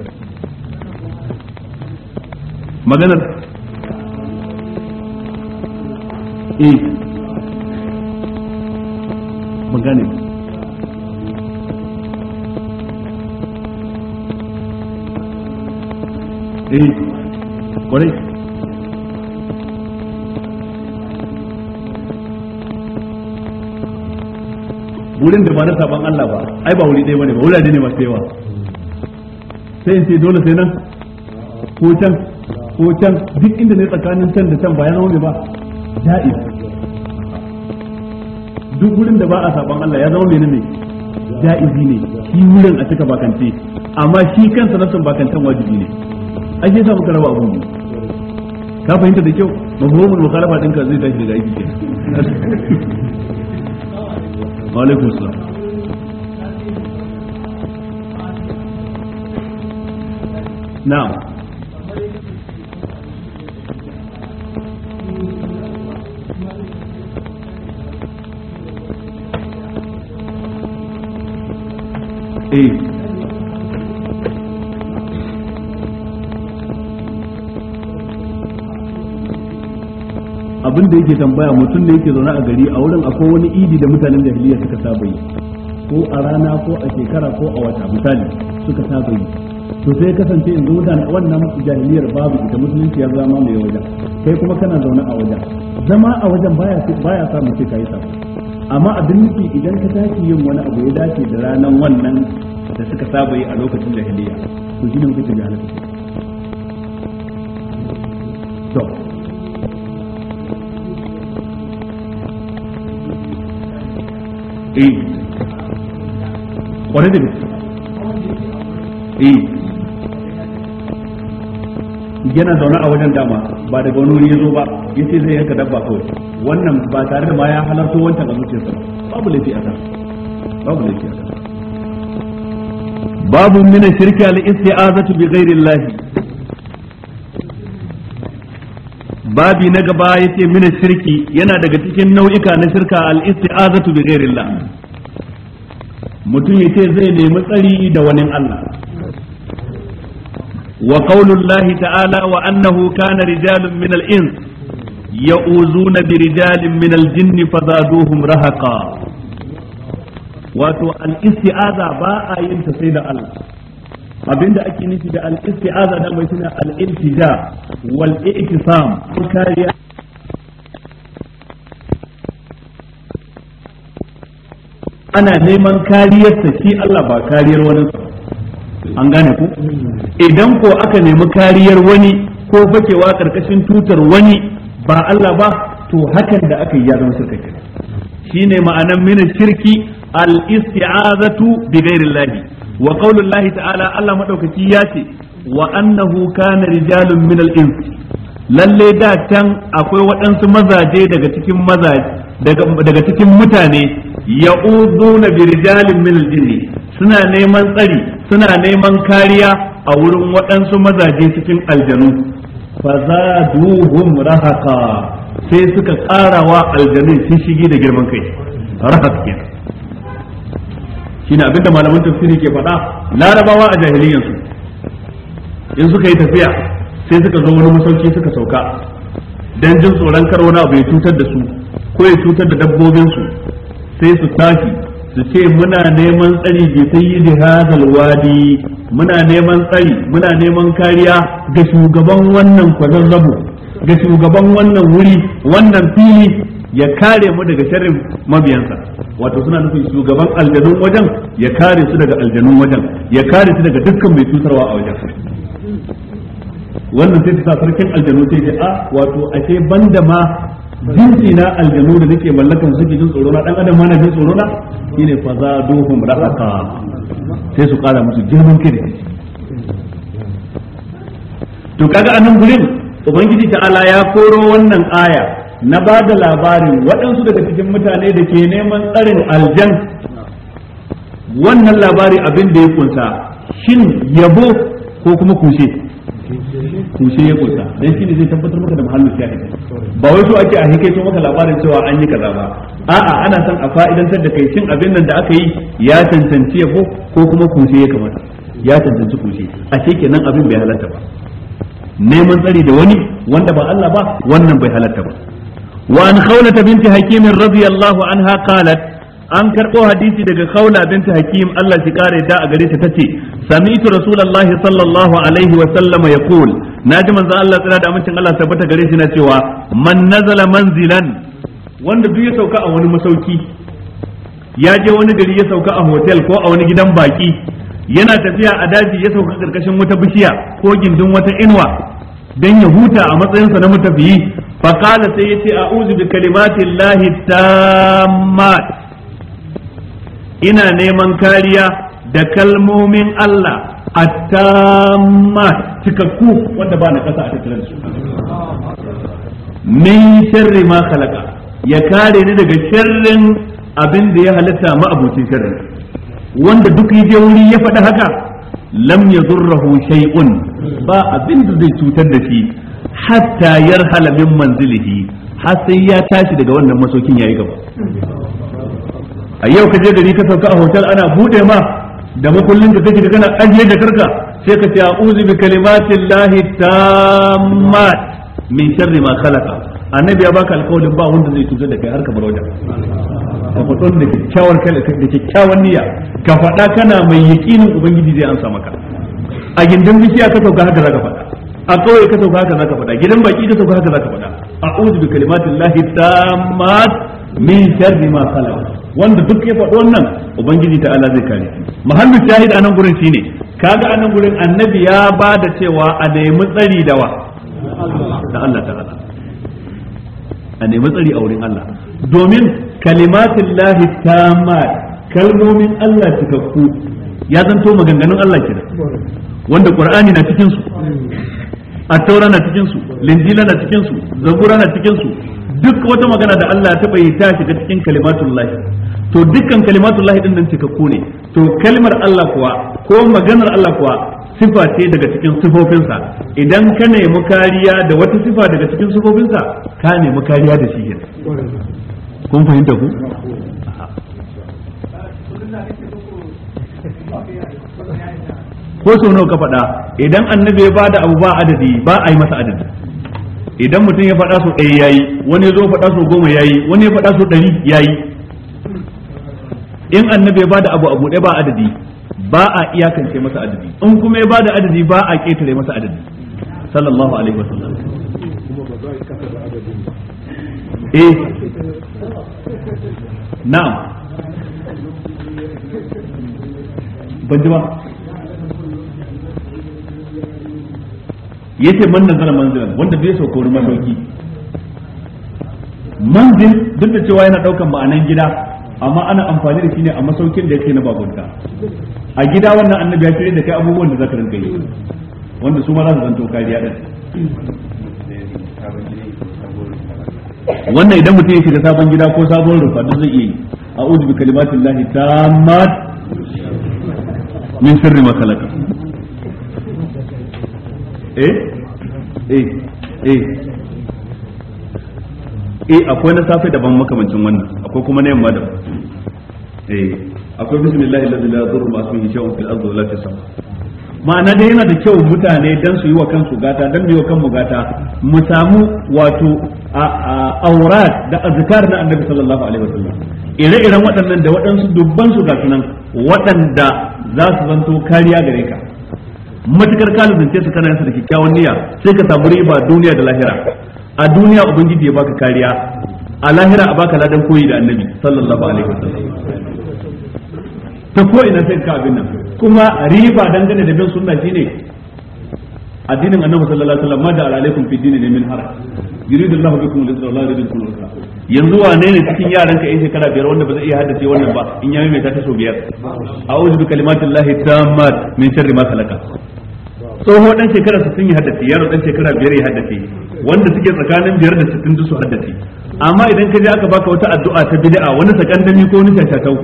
maganar eh mun gane eh kwarai wurin da ba na sabon Allah ba ai ba wuri ɗaya bane ba wurare ne masu yawa sai in ce dole sai nan ko can ko can duk inda ne tsakanin can da can ba ya zama ba da'i duk wurin da ba a saban Allah ya zama menene ja'izi ne shi wurin a cika bakance amma shi kansa nasan bakantan wajibi ne ake yi sa muka raba abun mu ka fahimta da kyau mafhumul mukhalafa dinka zai tashi daga aiki kenan wa alaikum na'am Eh. abin da yake tambaya mutum da yake zaune a gari a wurin akwai wani idi da mutanen jahiliya suka saba yi ko a rana ko a shekara ko a wata misali suka saba yi to sai kasance yanzu wannan jahiliyar babu ita musulunci ya zama mai wajen kai kuma kana zaune a wajen zama a wajen baya baya sa mutum kai sa amma abin nufi idan ka tashi yin wani abu ya dace da ranar wannan da suka saba yi a lokacin jahiliya to shine muka ce halatta to eh kwarai da gaske eh yana zaune a wajen dama ba daga wani wuri ya zo ba ya ce zai yanka dabba kawai wannan ba tare da ma ya halarta wancan a zuciyarsa babu laifi a babu laifi a babu min shirki al isti'azatu bi ghairi Allah babi na gaba ya ce min shirki yana daga cikin nau'ika na shirka al isti'azatu bi ghairi Allah mutum yace zai nemi tsari da wani Allah wa qaulullahi ta'ala wa annahu kana minal min ya uzu na bi rijalin min al jinni fazaduhum rahaka. wato al-isti'aza ba a yin ta sai da Allah abinda ake nufi da al-isti'aza da mai suna al-iltija wal i'tisam kariya ana neman kariyar ta shi Allah ba kariyar wani an gane ku idan ko aka nemi kariyar wani ko fakewa karkashin tutar wani ba Allah ba to hakan da aka yi ya zama shirka shine ma'anan mina shirki al-isti'azatu bi ghairi wa qaulullahi ta'ala Allah madaukaki ya ce wa annahu kana rijalun min al-ins lalle da can akwai waɗansu mazaje daga cikin mazaje daga cikin mutane ya'uduna bi rijalin min al suna neman tsari suna neman kariya a wurin waɗansu mazaje cikin aljanu fa rahaqa sai suka ƙarawa aljanun shishigi da girman kai rahaq kenan shine abinda malaman tafsiri ke faɗa larabawa a jahiliyyar su in suka yi tafiya sai suka zo wani masauki suka sauka dan jin tsoron kar wani abu ya cutar da su ko ya cutar da dabbobin su sai su tashi su ce muna neman tsari yi da hazal wadi muna neman tsari muna neman kariya ga shugaban wannan rabu ga shugaban wannan wuri wannan fili ya kare mu daga sharrin mabiyansa wato suna nufin shugaban aljanun wajen ya kare su daga aljanun wajen ya kare su daga dukkan mai cutarwa a wajen wannan sai ta sa sarkin aljanu sai ce a ah, wato ashe banda ma jinsi na aljanu da nake mallakan suke jin tsoro na dan adam ma na jin tsoro na shine fa za ra'aka sai su kara musu girman kai da to kaga anan gurin ubangiji ta'ala ya koro wannan aya na ba da labarin waɗansu daga cikin mutane da ke neman tsarin aljan wannan labari abin da ya kunsa shin yabo ko kuma kushe kushe ya kunsa dan shi ne zai tabbatar maka da mahallin shahid ba wai so ake a hikaito maka labarin cewa an yi kaza ba a'a ana son a fa'idantar da kai shin abin nan da aka yi ya tantance yabo ko kuma kushe ya kamata ya tantance kushe a kenan abin bai halatta ba neman tsari da wani wanda ba Allah ba wannan bai halatta ba وعن خولة بنت حكيم رضي الله عنها قالت an karɓo hadisi daga khawla binti hakim Allah shi kare da a gare ta tace sami'tu rasulullahi sallallahu alaihi wa sallama yaqul naji manzan Allah tsira da amincin Allah tabbata gare na cewa man nazala manzilan wanda duk ya sauka a wani masauki ya je wani gari ya sauka a hotel ko a wani gidan baki yana tafiya a daji ya sauka karkashin wata bishiya ko gindin wata inuwa dan ya huta a matsayinsa na matafiyi fa qala sai yace a'udhu bi kalimati llahi tammat ina neman kariya da kalmomin Allah at-tammat cikakku wanda ba na ƙasa a tattalin su min sharri ma khalaqa ya kare ni daga sharrin abin da ya halitta ma abokin sharri wanda duk yaje wuri ya faɗi haka lam yadurruhu shay'un ba abin da zai cutar da shi hatta yarhala min manzilihi har sai ya tashi daga wannan masokin yayi gaba a yau ka je gari ka sauka a hotel ana bude ma da makullin da kake kana ajiye da karka sai ka ce a'udhu bi kalimatin lahi tammat min sharri ma khalaqa annabi ya baka alƙawarin ba wanda zai cutar da kai har ka bar wajen ka faɗo da kyakkyawar kala da kyakkyawar niyya ka faɗa kana mai yaƙinin ubangiji zai ansa maka a gindin bishiya ka sauka haka zaka faɗa a kawai ka sauka haka zaka faɗa gidan baki ka sauka haka zaka faɗa a'udhu bi kalimatillahi tammat min sharri ma khalaq wanda duk ya faɗo wannan ubangiji ta'ala zai kare muhammad shahid anan gurin shine kaga anan gurin annabi ya ba da cewa a nemi tsari da wa da Allah ta'ala a nemi tsari a wurin Allah domin Kalimatu lahi tamma kalmomin Allah cikakku ya zanto maganganun Allah kenan wanda qur'ani na cikin su attaura na cikin su linjila na cikin su zabura na cikin su duk wata magana da Allah ta bai ta shiga cikin kalimatu lahi to dukkan kalimatu lahi din nan cikakku ne to kalmar Allah kuwa ko maganar Allah kuwa sifa ce daga cikin sifofinsa idan ka nemi kariya da wata sifa daga cikin sifofinsa ka nemi kariya da shi kun fahimta ku ko sau nawa ka faɗa idan annabi ya bada abu ba adadi ba a yi masa adadi idan mutum ya faɗa so ɗaya yayi wani ya zo faɗa so goma yayi wani ya faɗa so ɗari yayi in annabi ya bada abu abu ɗaya ba adadi ba a iyakance masa adadi in kuma ya bada adadi ba a ƙetare masa adadi sallallahu alaihi wasallam eh na'am ban ji ba yace man nazara manzilan wanda bai sauka wani madauki manzil duk da cewa yana daukan ma'anan gida amma ana amfani da shi ne a masaukin da yake na babunta a gida wannan annabi ya shirya da kai abubuwan da zaka rinka yi wanda su ma za su zanto kariya din wannan idan mutum ya shiga sabon gida ko sabon rufa duk zai yi a a'udhu bi kalimatin lahi tammat min sirri ma eh eh eh eh akwai na safe daban makamancin wannan akwai kuma na yamma daban eh akwai bismillahi allazi la yadurru ma ismihi shay'un fil ardi wa la fis sama' ma'ana dai yana da kyau mutane dan su yi wa kansu gata dan yi wa kanmu gata mu samu wato aurat da azkar na annabi sallallahu alaihi wasallam ire-iren waɗannan da waɗansu dubban su ga sunan waɗanda za su zanto kariya gare ka matukar ka lubince su kana yansa da kyakkyawan niyya sai ka samu riba duniya da lahira a duniya ubangiji ya baka kariya a lahira a baka ladan koyi da annabi sallallahu alaihi wasallam ta ko ina sai ka abin nan kuma riba dangane da bin sunna shine addinin annabi sallallahu alaihi wasallam ma da alaikum fi dini ne min haraj yuridu Allahu bikum al-yusra la yuridu bikum usra yanzu wane ne cikin yaran ka yan shekara biyar wanda ba zai iya haddace wannan ba in ya mai ta so biyar a'udhu bi kalimatillahi tammat min sharri ma khalaqa tsoho dan shekara 60 ya haddace yaro dan shekara biyar ya haddace wanda suke tsakanin biyar da 60 dusu su haddace amma idan ka je aka baka wata addu'a ta bid'a wani sakandami ko wani shashatau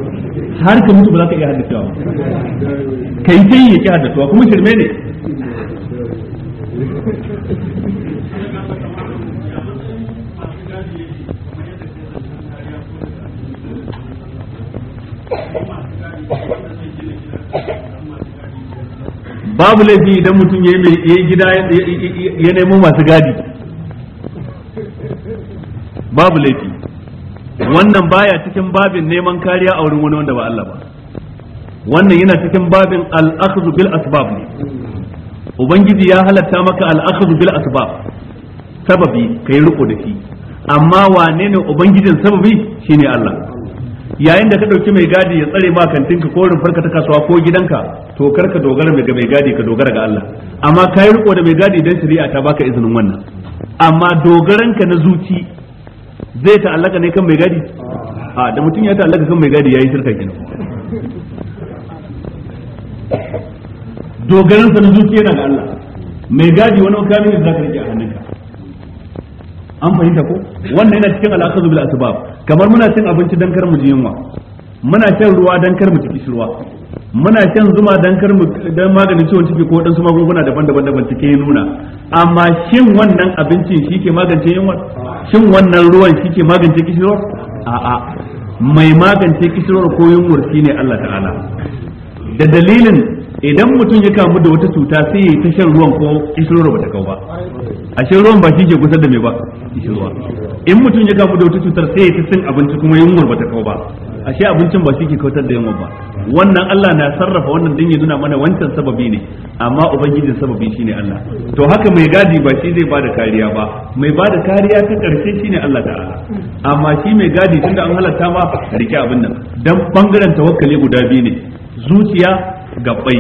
har ka mutu ba za ka iya haddacewa ba kai kai ya ki kuma shirme ne babu laifi idan mutum ya yi gida ya nemo masu gadi babu laifi wannan baya cikin babin neman kariya a wurin wani wanda ba Allah ba wannan yana cikin babin al'akhzu bil asbab ne ubangiji ya halatta maka al'akhzu bil asbab sababi kai riko da shi amma wane ne ubangijin sababi shine Allah yayin da ka dauki mai gadi ya tsare ma kantinka ko rumfarka ta kasuwa ko gidanka to kar ka dogara ga mai gadi ka dogara ga Allah amma ka yi riko da mai gadi dan shari'a ta baka izinin wannan amma dogaran ka na zuci zai ta'allaka ne kan mai gadi a da mutum ya ta'allaka kan mai gadi yayi shirka kenan sa na zuci yana ga Allah mai gadi wani kamin ne zaka rike a hannunka an fahimta ko wannan yana cikin al'aqdu bil asbab kamar muna cin abinci don kar mu ji yunwa muna shan ruwa don kar mu ci kishirwa muna shan zuma don kar mu maganin ciwon ciki ko dan su magunguna daban-daban daban cike nuna amma shin wannan abincin shi ke magance yunwa shin wannan ruwan shi ke magance kishirwa a'a mai magance kishirwa ko yunwar shine Allah ta'ala da dalilin idan mutum ya kamu da wata cuta sai ya ta shan ruwan ko ba bata kau ba ashe ruwan ba shi ke kusa da mai ba kishirwa in mutum ya kamu da wata cutar sai ya ta cin abinci kuma yunwar bata kau ba ashe abincin ba shi ke kautar da yunwar ba wannan Allah na sarrafa wannan din ya nuna mana wancan sababi ne amma ubangijin sababi shine Allah to haka mai gadi ba shi zai bada kariya ba mai bada kariya ta karshe shine Allah ta'ala amma shi mai gadi tunda an halatta ma rike abin nan dan bangaren tawakkali guda biyu ne zuciya gabbai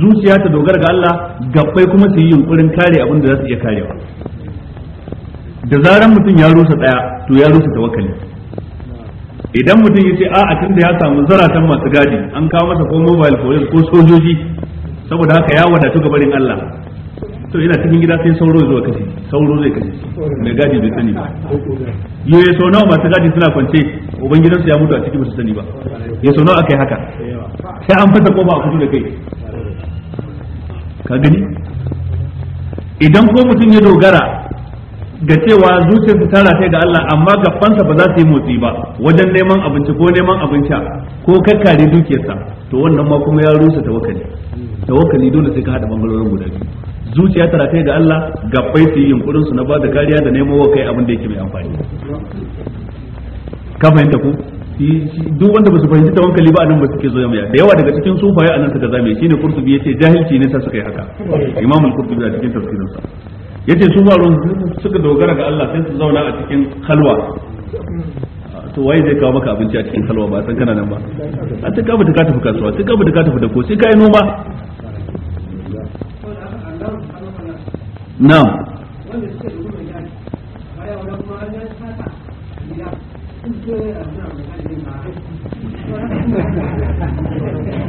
zuciya ta dogara ga Allah gabbai kuma su yi yunkurin kare abin da za su iya karewa da zaran mutum ya rusa daya to ya rusa tawakkali idan mutum ya ce a a tunda ya samu zaratan masu gadi an kawo masa ko mobile police ko sojoji saboda haka ya wadatu gabarin Allah to yana cikin gida sai sauro zuwa kashe sauro zai kashe mai gadi bai sani ba yoye sau nawa masu gadi suna kwance ubangidansu ya mutu a cikin basu sani ba ya sau nawa aka yi haka sai an fasa koma a fito da kai ka gani idan ko mutum ya dogara ga cewa zuciyarsa ta rataye ga Allah amma gabansa ba za su yi motsi ba wajen neman abinci ko neman abinci ko kakkare dukiyarsa to wannan ma kuma ya rusa tawakkali tawakkali dole sai ka hada bangarorin guda biyu zuciya ta ga Allah gabbai su yi yunkurin su na ba da kariya da nemo wa kai abin da yake mai amfani ka fahimta ku duk wanda basu fahimci ta wankali ba anan ba suke zoya mai da yawa daga cikin sufaye anan suka zame shine kurtubi yace jahilci ne sa suka yi haka imam al-qurtubi a cikin sa yace su ba ruwan suka dogara ga Allah sai su zauna a cikin halwa to waye zai kawo maka abinci a cikin halwa ba san kana nan ba a ta kafa ta tafi kasuwa ta kafa ta tafi da ko sai kai noma na'am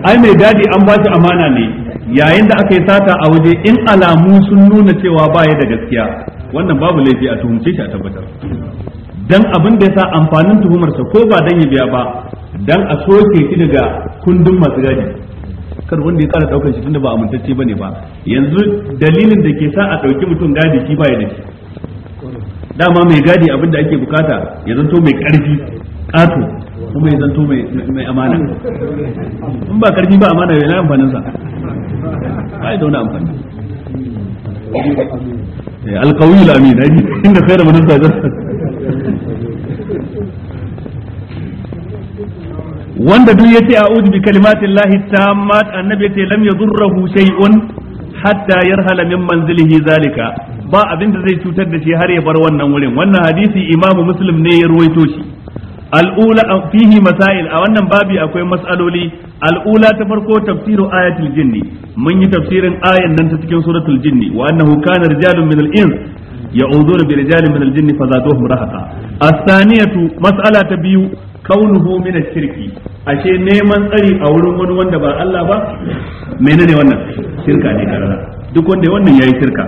ai mai daɗi an ba shi amana ne yayin da aka yi sata a waje in alamu sun nuna cewa ba da gaskiya wannan babu laifi a tuhumce shi a tabbatar dan abin da yasa amfanin tuhumarsa ko ba dan ya biya ba dan a soke shi daga kundin masu gadi kar wanda ya tsara daukar shi tunda ba amintacce bane ba yanzu dalilin da ke sa a dauki mutum gadi shi baya da shi dama mai gadi abin da ake bukata ya zanto mai karfi kato kuma ya zanto mai amana in ba karfi ba amana yana amfanin sa ba da wani amfani eh, alkawil amin inda khairu man sajjada wanda duk yace a'udhu bi kalimatillahi tammat annabi yace lam yadurruhu shay'un hatta yarhala min manzilihi zalika ba abinda zai cutar da shi har ya bar wannan wurin wannan hadisi imam muslim ne ya ruwaito shi al'ula fihi masail a wannan babi akwai mas'aloli al'ula ta farko tafsiru ayatul jinni mun yi tafsirin ayan nan ta cikin suratul jinni wa annahu kana rijalun min al-ins ya'uduna bi rijalin min al-jinni fazaduhum rahaqa as-saniyatu mas'ala ta biyu kaunuhu min shirki ashe neman tsari a wurin wani wanda ba Allah ba menene wannan shirka ne karara duk wanda wannan yayi shirka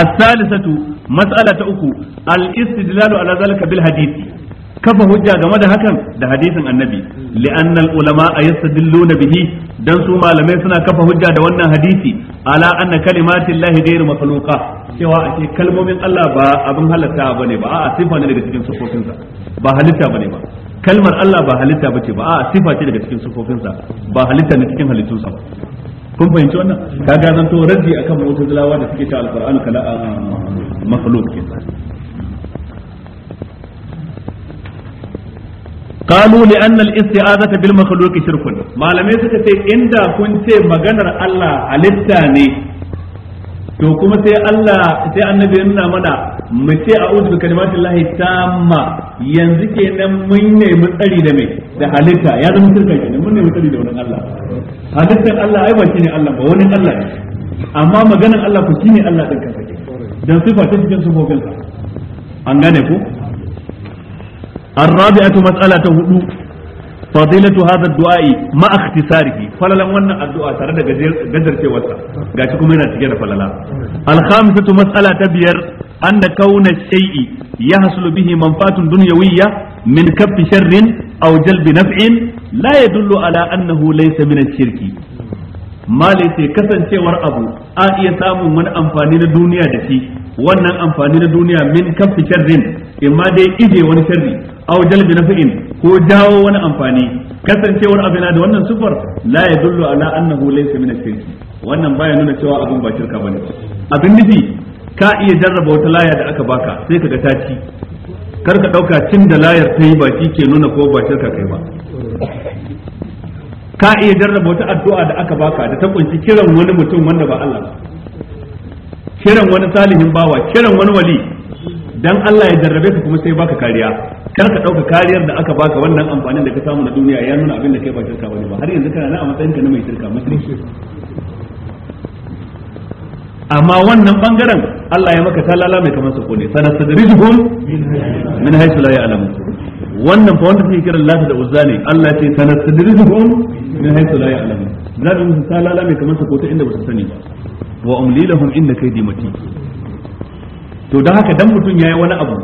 as-salisatu mas'ala ta uku al-istidlalu ala zalika bil hadisi kafa hujja game da hakan da hadisin annabi li'anna ulama yastadilluna bihi dan su malamai suna kafa hujja da wannan hadisi ala anna kalimatin lahi ghairu makhluqa cewa ake kalmomin Allah ba abin halitta bane ba a'a sifa ne daga cikin sufofinsa ba halitta bane ba kalmar Allah ba halitta bace ba a'a sifa ce daga cikin sufofinsa ba halitta ne cikin halittunsa ba kun fahimci wannan kaga zanto raddi akan mu'tazilawa da suke ta alqur'anu kala makhluq kenan قالوا لأن الاستعاذة بالمخلوق شرك ما لم يسكت إندا كنت مغنر الله halitta to kuma sai Allah sai annabi ya nuna mana mu ce a'udhu bi kalimati llahi tamma yanzu kenan mun ne mu tsari da mai da halitta ya zama shirka kenan mun ne mu tsari da wani Allah halittar Allah ai ba shine Allah ba wani Allah ne amma maganar Allah ku shine Allah din kansa dan sifa ta cikin sifofin sa an gane ku? الرابعة مسألة هدو فضيلة هذا الدعاء مع اختصاره فللا وانا الدعاء ترى جزر في وسط قاعد هنا تجينا فللا الخامسة مسألة تبير أن كون الشيء يحصل به منفعة دنيوية من كف شر أو جلب نفع لا يدل على أنه ليس من الشرك ما ليس كسن cewar abu a iya samun wani amfani na duniya da shi wannan amfani na duniya min kafi sharrin imma dai ije wani sharri aw jalbi naf'in ko jawo wani amfani kasancewar abina da wannan sufar la yadullu ala annahu laysa min ash wannan baya nuna cewa abin ba shirka bane abin nufi ka iya jarraba wata laya da aka baka sai ka ga taci kar ka dauka cinda da layar ta yi ba shi ke nuna ko ba shirka kai ba ka iya jarraba wata addu'a da aka baka da ta kunshi kiran wani mutum wanda ba Allah ba kiran wani salihin bawa kiran wani wali dan Allah ya jarrabe ka kuma sai baka kariya kar ka dauka kariyar da aka baka wannan amfanin da ka samu na duniya ya nuna abin da kai ba shirka bane ba har yanzu kana na a matsayin ka na mai shirka musulunci amma wannan bangaren Allah ya maka talala mai kamar sako ne sana sadrijuhum min haythu la ya'lamun wannan fa wanda suke kiran lata da uzza ne Allah ya ce sana sadrijuhum min haythu la ya'lamun zabi musu talala mai kamar sako ta inda ba su sani ba wa umlilahum lahum inda kaydi matin to don haka dan mutum ya yi wani abu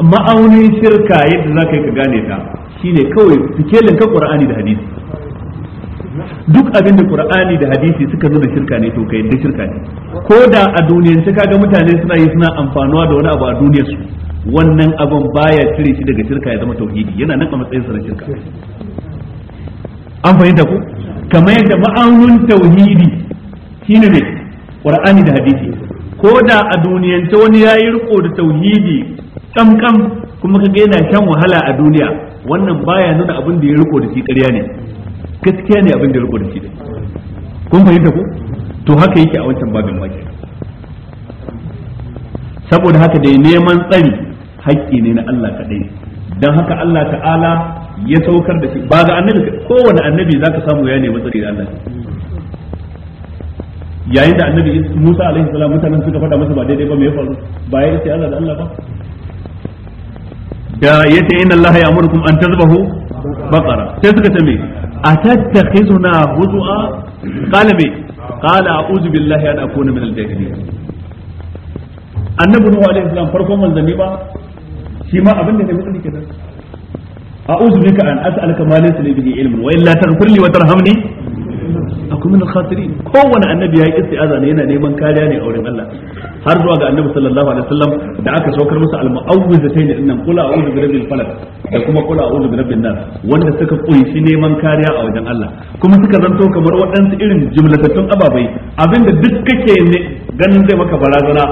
ma'aunin shirka yadda ka yi ka gane ta shine kawai fikelin ka qur'ani da hadisi duk abin da qur'ani da hadisi suka nuna shirka ne to kai da shirka ne ko da a duniyance kaga mutane suna yi suna amfanuwa da wani abu a duniyarsu wannan abin baya cire shi daga shirka ya zama tauhidi yana nan a matsayin sa na shirka an fahimta ku kamar yadda ma'aunin tauhidi shine ne qur'ani da hadisi ko da a duniyance wani ya yi riko da tauhidi kamkam kuma ka ga yana shan wahala a duniya wannan baya nuna abin da ya riko da shi ƙarya ne gaskiya ne abin da ya riko da shi da kun fahimta ko to haka yake a wancan babin wake saboda haka dai neman tsari haƙƙi ne na Allah kaɗai don haka Allah ta'ala ya saukar da shi ba ga annabi kowane annabi zaka samu ya nemi tsari da Allah yayin da annabi Musa alaihi salam mutanen suka faɗa masa ba daidai ba me ya faru ba ya ce Allah da Allah ba da yace inna Allah ya'murukum an tazbahu baqara sai suka ce me atattakhizuna huzua qala me qala a'udhu billahi an akuna min al-jahilin annabi Nuhu alaihi salam farkon manzanni ba shi ma abin da ne mutsali kenan a'udhu bika an as'aluka ma laysa li bihi ilmun wa illa taghfir li wa tarhamni akwai min al-khasirin kowanne annabi ya yi isti'aza ne yana neman kariya ne a wurin Allah har zuwa ga annabi sallallahu alaihi wasallam da aka saukar masa al-mu'awwizatayn dinnan qul a'udhu bi rabbil falaq da kuma qul a'udhu bi rabbin nas wanda suka kunshi neman kariya a wajen Allah kuma suka zanto kamar waɗansu irin jumlatattun ababai abinda duk kake ne ganin zai maka barazana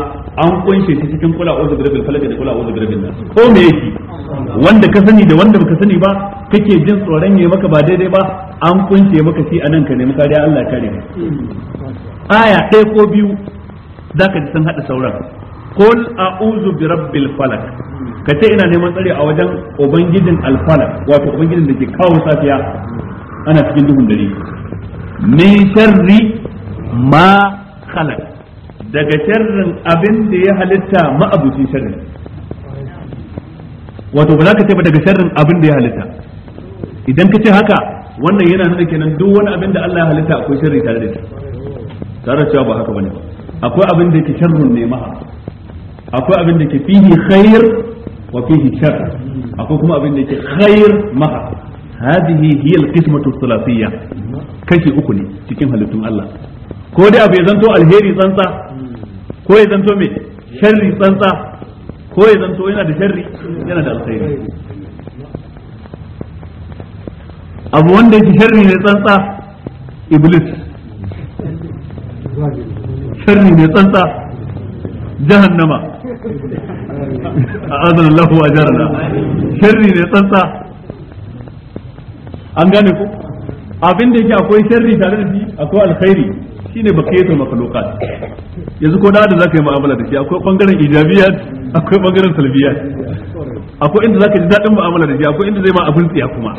an kunshe shi cikin kula uzu bi rabbil falaq da kula uzu bi rabbin nas ko me yake wanda ka sani da wanda baka sani ba kake jin tsoron yayi maka ba daidai ba an kunce maka shi anan ka nemi kariya Allah ya kare aya ɗaya ko biyu zaka ji san hada sauran qul a'udhu bi rabbil falak ka ce ina neman tsare a wajen ubangijin al falak wato ubangijin da ke kawo safiya ana cikin duhun dare min sharri ma khalaq daga sharrin abin da ya halitta ma abuci sharri wato ba za ka ce ba daga sharrin abin da ya halitta idan ka ce haka wannan yana nuna kenan duk wani abin da Allah ya halitta akwai sharri tare da shi tare cewa ba haka bane akwai abin da yake sharrun ne maha akwai abin da yake fihi khair wa fihi shar akwai kuma abin da yake khair maha hadhihi hiya alqismatu thulathiyya kashi uku ne cikin halittun Allah ko dai abu ya zanto alheri tsantsa ko ya zanto me sharri tsantsa ko ya zanto yana da sharri yana da alkhairi abu wanda yake sharri ne tsantsa iblis sharri ne tsantsa jahannama a'adana Allah wa ajarana sharri ne tsantsa an gane ku abin da yake akwai sharri tare da shi akwai alkhairi shine bakiyatul makhluqat yanzu ko da da zaka yi mu'amala da shi akwai bangaren ijabiyat akwai bangaren salbiyat akwai inda zaka ji dadin mu'amala da shi akwai inda zai ma abin tsiya kuma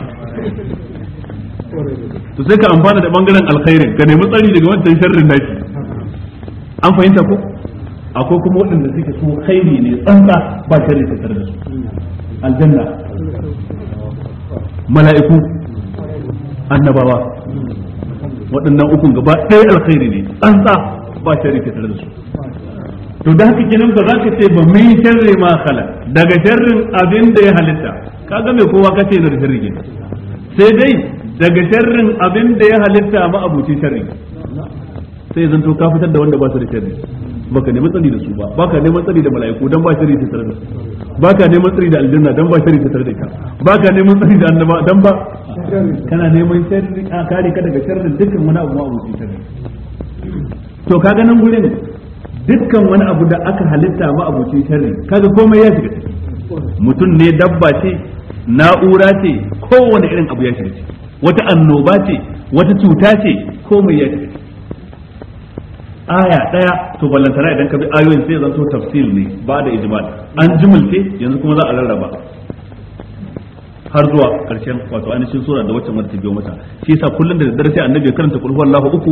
to sai ka amfana da bangaren alkhairin ka nemi tsari daga wancan sharrin naki an fahimta ko akwai kuma waɗanda suke so khairi ne tsantsa ba sharri ta tare da su aljanna mala'iku annabawa waɗannan ukun gaba ɗaya alkhairi ne tsantsa ba shari ka tare da su to da haka kenan ba za ka ce ba mai sharri ma khala daga sharrin abin da ya halitta kaga mai kowa ka ce na da sharri sai dai daga sharrin abin da ya halitta ma abuci sharri sai zan to ka fitar da wanda ba su da sharri baka neman tsari da su ba baka neman tsari da mala'iku dan ba shari'a tattare da su baka neman tsari da aljanna dan ba shari'a tattare da ka baka neman tsari da annaba dan ba kana neman sharri a kare ka daga sharrin dukkan wani abu ma abu sharri to kaga nan gurin dukkan wani abu da aka halitta ma abucin sharri kaga komai ya shiga mutum ne dabba ce na'ura ce kowane irin abu ya shiga wata annoba ce wata cuta ce komai ya shiga aya daya to ballantana idan ka bi ayoyin sai zan so tafsil ne ba da ijmal an jumulce yanzu kuma za a rarraba har zuwa karshen wato ainihin sura da wacce mata biyo mata shi yasa kullun da daddare sai annabi ya karanta kul huwallahu uku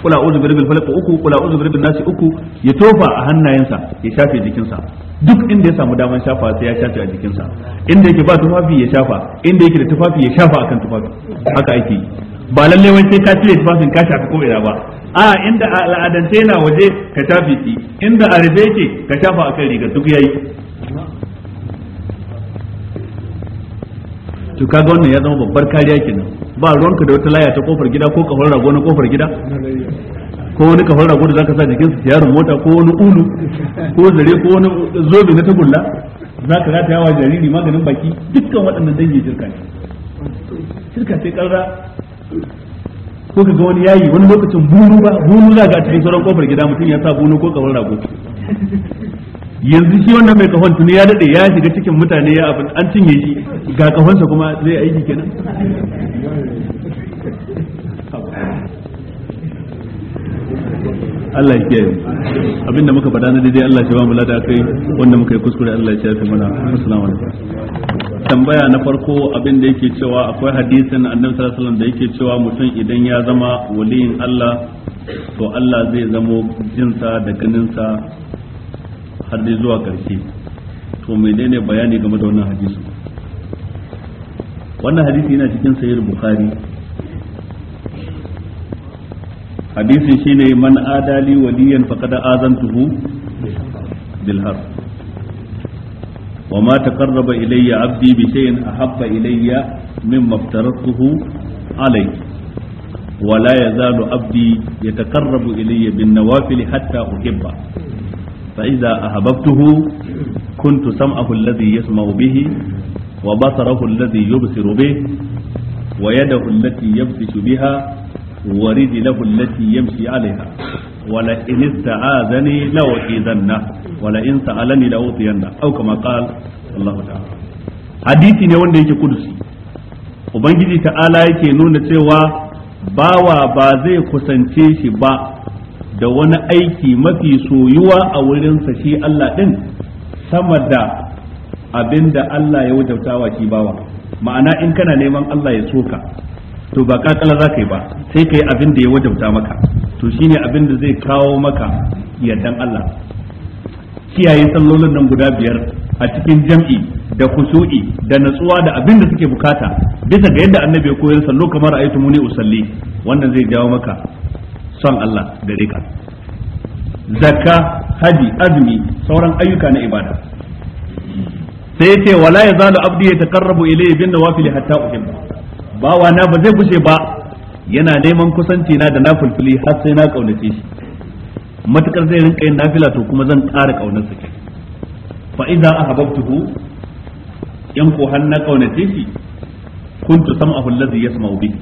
uzu bi rabbil falaq uku uzu bi rabbin nasi uku ya tofa a hannayensa ya shafe jikinsa duk inda ya samu daman shafa sai ya shafe a jikinsa inda yake ba tufafi ya shafa inda yake da tufafi ya shafa akan tufafi haka ake yi ba lalle wai sai ka cire tufafin ka shafa ko ina ba a inda al'adance na waje ka shafi shi inda a rufe ce, ka shafa a kai riga duk yayi to kaga wannan ya zama babbar kariya kenan ba ruwanka da wata laya ta kofar gida ko kafar rago na kofar gida ko wani kafar rago da zaka sa jikin su tiyarin mota ko wani ulu ko zare ko wani zobe na tagulla zaka ta yawa jariri maganin baki dukkan waɗannan dangin shirka ne shirka sai karra ko ka ga wani yayi wani lokacin bunu ba bunu za ga cikin sauran kofar gida mutum ya sa bunu ko kawar rago yanzu shi wannan mai kahon tuni ya dade ya shiga cikin mutane ya abin an cinye shi ga kahonsa kuma zai aiki kenan Allah ya kiyaye abinda muka faɗa na daidai Allah ya ba mu lada kai wanda muka yi kuskure Allah ya shafe mana assalamu alaikum tambaya na farko abin da yake cewa akwai hadisin annabi sallallahu alaihi wasallam da yake cewa mutum idan ya zama waliyin Allah to Allah zai zamo jinsa da ganinsa har da zuwa ƙarshe to menene bayani game da wannan hadisi wannan hadisi yana cikin sahih bukhari hadisin shine man adali waliyan faqad azantuhu bil harb wa ma taqarraba ilayya abdi bi shay'in ahabba ilayya maftarar tuhu alayhi wala ya yazalu abdi ya takarrabu ilayya bin nawafil hatta uhibba fa idza ahabbtuhu kuntu sam'ahu alladhi yasma'u bihi wa basarahu alladhi yubsiru bihi wa yadahu allati yabtishu biha wa rijlahu allati yamshi 'alayha wala in ista'azani la u'idanna wala in sa'alani la utiyanna au kama qala Allah ta'ala hadisi ne wanda yake kudusi ubangiji ta'ala yake nuna cewa bawa ba zai kusance shi ba da wani aiki mafi soyuwa a wurinsa shi Allah ɗin, sama da abinda Allah ya wajabtawa shi bawa ma'ana in kana neman Allah ya soka to ba kakala za ka yi ba sai ka yi abin da ya wajabta maka to shine abin da zai kawo maka yardan Allah kiyaye sallolin nan guda biyar a cikin jam'i da kusu'i da natsuwa da abin da suke bukata bisa ga yadda annabi ya koyar sallo kamar ayatu muni usalli wannan zai jawo maka son Allah gare ka zakka haji azumi sauran ayyuka na ibada sai yace wala yazalu abdi yatakarrabu ilayhi bin nawafil hatta uhibbu bawa na ba zai gushe ba yana neman kusanci na da na fulfili har sai na kaunace shi matukar zai rinka yin nafila to kuma zan ƙara kaunar sa fa idza ahabbtuhu yan ko har na kaunace shi kuntu sam'ahu allazi yasma'u bihi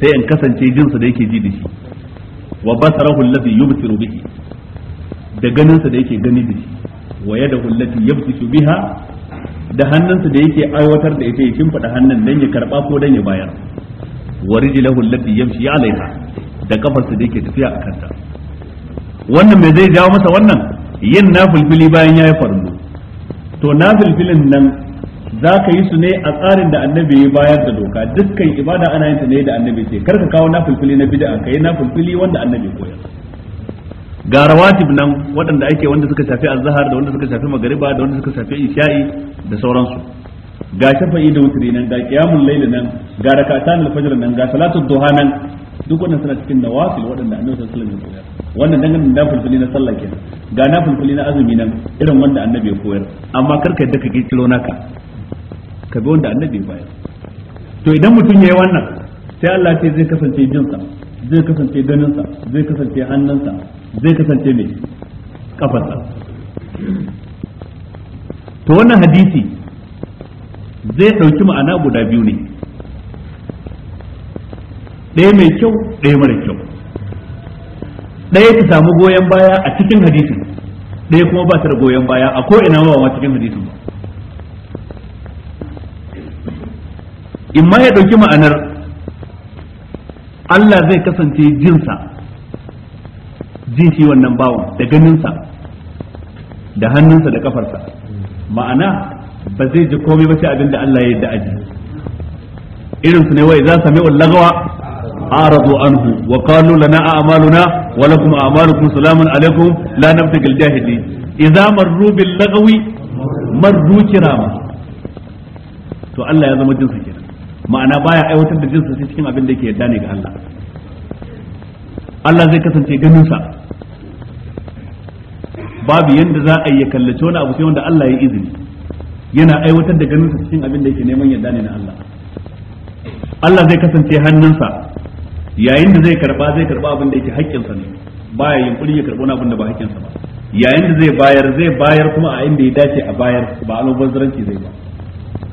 sai in kasance jinsa da yake ji da shi wa basarahu allazi yubsiru bihi da ganinsa da yake gani da shi wa yadahu allati yabtishu biha da hannunsa da yake aiwatar da ita ya shimfida hannun don ya karɓa ko don ya bayar wa rijlahu allati yamshi alaiha da kafarsa da yake tafiya a kanta wannan me zai jawo masa wannan yin nafilfili bayan ya yi farlo to nafilfilin nan za ka yi su ne a tsarin da annabi ya bayar da doka dukkan ibada ana yin ta ne da annabi ce kar ka kawo nafilfili na bid'a ka yi nafilfili wanda annabi koyar ga rawatib nan waɗanda ake wanda suka shafi azhar da wanda suka shafi magariba da wanda suka shafi isha'i da sauransu ga shafa'i da wutri nan ga qiyamul layl nan ga rakatan al-fajr nan ga salatul duha nan duk wannan suna cikin nawafil waɗanda annabi sallallahu alaihi wasallam ya koyar wannan dangan da nafilfili na sallah kenan ga nafilfili na azumi nan irin wanda annabi ya koyar amma kar ka yadda ka kiro naka ka bi wanda annabi ya bayar to idan mutum yayi wannan sai Allah ce zai kasance jinsa zai kasance ganinsa zai kasance hannunsa zai kasance mai kafarsa to wannan hadisi zai ɗauki ma'ana guda biyu ne ɗaya mai kyau ɗaya mara kyau ɗaya ta samu goyon baya a cikin hadisin ɗaya kuma ba ta da goyon baya a ko'ina ina cikin hadisin ba in ma ya ɗauki ma'anar Allah zai kasance jinsa jin shi wannan bawan da ganinsa da hannunsa da kafarsa ma'ana ba zai ji komai ba sai abin da Allah ya yi da aji irin su ne wai za sami lagawa aradu anhu wa qalu lana a'maluna wa lakum a'malukum salamun alaikum la nabtagil jahili idza marru bil lagawi marru kirama to Allah ya zama jinsa kenan ma'ana baya aiwatar da jinsa sai cikin abin da yake yadda ne ga Allah Allah zai kasance ganin sa babu yanda za a yi kallace wani abu sai wanda Allah ya izini yana aiwatar da ganin sa cikin abin da yake neman yadda ne na Allah Allah zai kasance hannunsa yayin da zai karba zai karba abin da yake haƙƙinsa ne baya yunkuri ya karɓi wani abin da ba haƙƙinsa ba yayin da zai bayar zai bayar kuma a inda ya dace a bayar ba almubazzaranci zai ba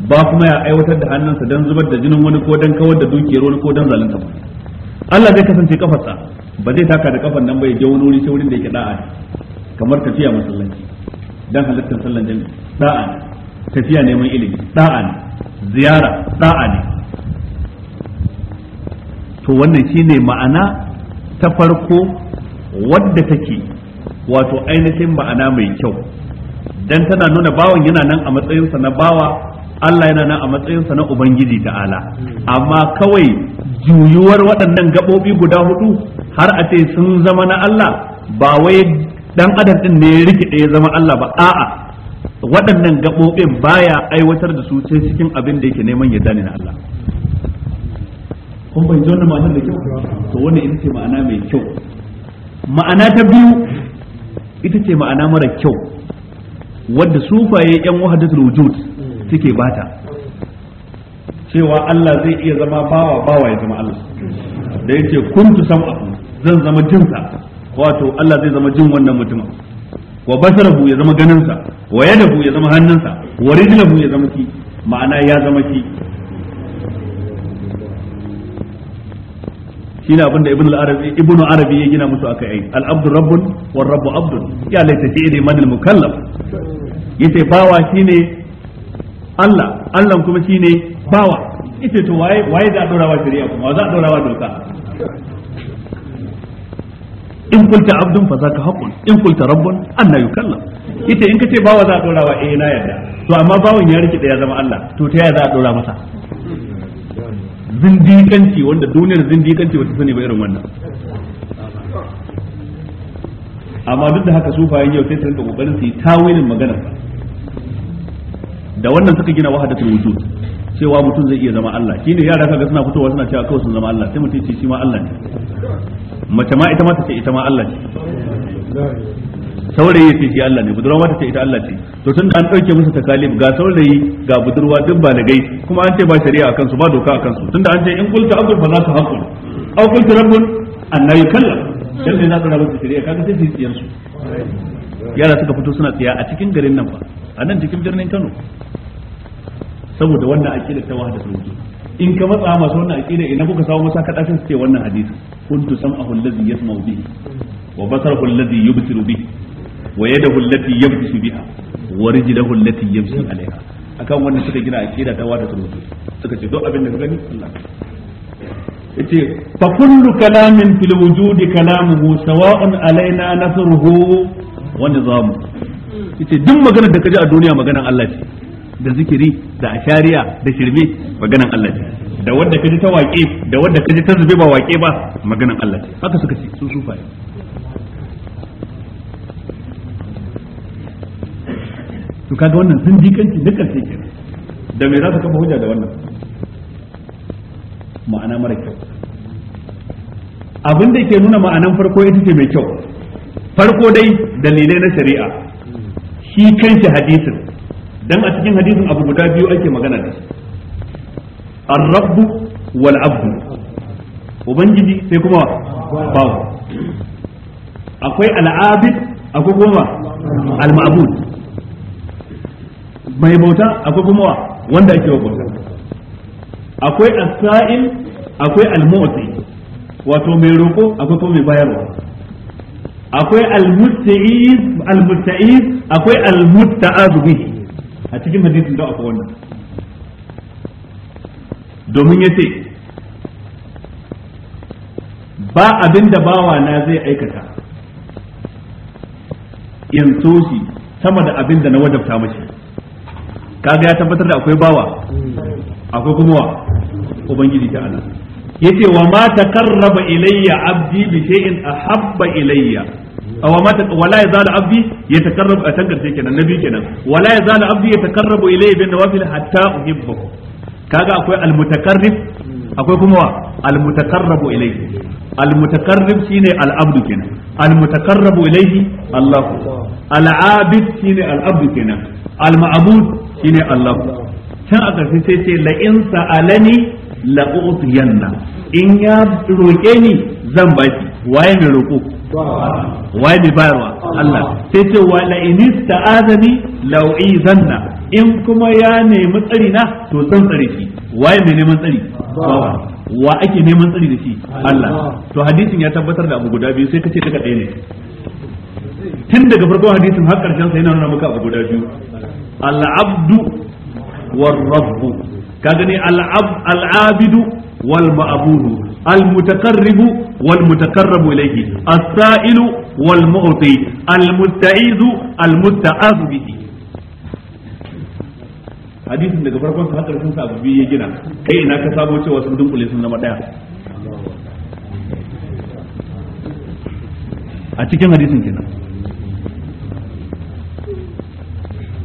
ba kuma ya aiwatar da hannunsa don zubar da jinin wani ko don kawar da dukiyar wani ko don zalunta ba Allah zai kasance kafarsa ba zai taka da kafan nan ba ya je wani wuri sai wurin da yake da'a kamar tafiya masallaci dan halittar sallan jami'i da'a tafiya neman ilimi da'a ziyara da'a ne to wannan shine ma'ana ta farko wadda take wato ainihin ma'ana mai kyau dan tana nuna bawan yana nan a matsayinsa na bawa Allah yana nan a matsayinsa na ubangiji ta'ala amma kawai juyuwar waɗannan gaɓoɓi guda hudu har a ce sun zama na Allah ba wai ɗan adam ɗin ne ya rikide ya zama Allah ba a'a waɗannan gaɓoɓin baya aiwatar da su sai cikin abin da yake neman yarda ne na Allah kun bai wannan da kyau to wani ita ce ma'ana mai kyau ma'ana ta biyu ita ce ma'ana mara kyau wadda sufaye yan wahadatul wujud suke bata cewa Allah zai iya zama bawa bawa ya zama Allah da yake kuntu sam'ahu zan zama jinsa wato Allah zai zama jin wannan mutumin wa basarahu ya zama ganinsa wa yadahu ya zama hannunsa wa rijlahu ya zama ki ma'ana ya zama ki shine abinda ibn al-arabi ibn arabi ya gina musu akai ai al-abdu rabbun war rabbu abdun ya laita fi'li man al-mukallaf yace bawa shine Allah Allah kuma shine bawa ita to waye waye za a dora wa shari'a kuma za a dora wa doka in kulta abdun fa zaka haqqun in kulta rabbun anna yukallam ita in kace bawa za a dora wa eh na yarda to amma bawon ya rike ya zama Allah to ta yaya za a dora masa zindikanci wanda duniyar zindikanci wata sani ba irin wannan amma duk da haka sufayen yau sai su rinka kokarin su yi tawilin maganar da wannan suka gina ta wujud cewa mutum zai iya zama Allah shine yara kaga suna fitowa suna cewa kawai sun zama Allah sai mutum ce shi ma Allah ne mace ma ita ma ta ce ita ma Allah ce saurayi ya ce shi Allah ne budurwa ta ce ita Allah ce to tun da an dauke musu takalim ga saurayi ga budurwa duk ba lagai kuma an ce ba shari'a akan su ba doka akan su tunda an ce in kulta abdul fa za ka haƙu aw kulta rabbun annabi kallam dan ne na tsara musu shari'a kaga sai su yi su yara suka fito suna tsaya a cikin garin nan ba a nan cikin birnin Kano saboda wannan aqida ta wahda wujud in ka matsa masu wannan aqida ina kuka samu masa kada sun ce wannan hadisi kuntu sam'ahu allazi yasma'u bihi wa basarahu allazi yubsiru bihi wa yadahu allati yabtishu biha wa rijluhu allati yamshi alaiha akan wannan suka gina aqida ta wahda wujud suka ce duk abin da ka gani Allah yace fa kullu kalamin fil wujudi kalamuhu sawa'un alaina nasruhu wanda za mu yace duk magana da kaji a duniya maganar Allah ce da zikiri da ashariya da shirme maganar Allah ce da wanda kaji ta waƙe da wanda kaji ta zube ba waƙe ba maganar Allah ce haka suka ce su sufaye to kaga wannan sun zindikanci na karshe kenan da me za ka kafa hujja da wannan ma'ana mara kyau abin da ke nuna ma'anan farko ita ce mai kyau farko dai dalilai na shari'a shi kanshi hadisin dan a cikin hadisin abu guda biyu ake magana da shi ar-rabbu wal abdu ubangiji sai kuma bawo akwai al'abid akwai kuma al-ma'bud mai bauta akwai kuma wanda ake bauta akwai as-sa'il akwai al-mu'ti wato mai roko akwai kuma mai bayarwa akwai al-mutta'iz al-mutta'iz akwai al-mutta'az bihi a cikin hadisin da akwai wannan domin yace ba abin abinda bawa na zai aikata in so sama da abin da na wadafta mashi kaga ya tabbatar da akwai bawa akwai kuma wa ubangiji ta Allah yace wa ma takarraba ilayya abdi bi shay'in ahabba ilayya Awa aw mata wala yazalu abdi yatakarrabu a tangarce kenan nabi kenan wala yazalu abdi yatakarrabu ilayhi bin nawafil hatta uhibbahu kaga akwai almutakarrib akwai kuma wa almutakarrabu ilayhi almutakarrib shine al'abdu kenan almutakarrabu ilayhi Allah al'abid shine al'abdu kenan al-ma'bud shine Allah can a ƙarshe sai ce la in sa'alani la utiyanna in ya roke ni zan baki waye mai roko wai mai bayarwa Allah sai ce wa la in ista'azani lau'i zanna in kuma ya nemi tsari na to zan tsare shi wai mai neman tsari wa ake neman tsari da shi Allah to hadisin ya tabbatar da abu guda biyu sai kace daga ɗaya ne tun daga farkon hadisin har karshen sa yana nuna maka abu guda biyu al-abdu war rabbu kaga ne al-abidu wal ma'budu المتقرب والمتقرب إليه السائل والمعطي المستعيذ المستعاذ به hadisin daga farkon sa hakar sun sabu biyu ya gina kai ina ka sabo cewa sun dunkule sun zama ɗaya? a cikin hadisin kenan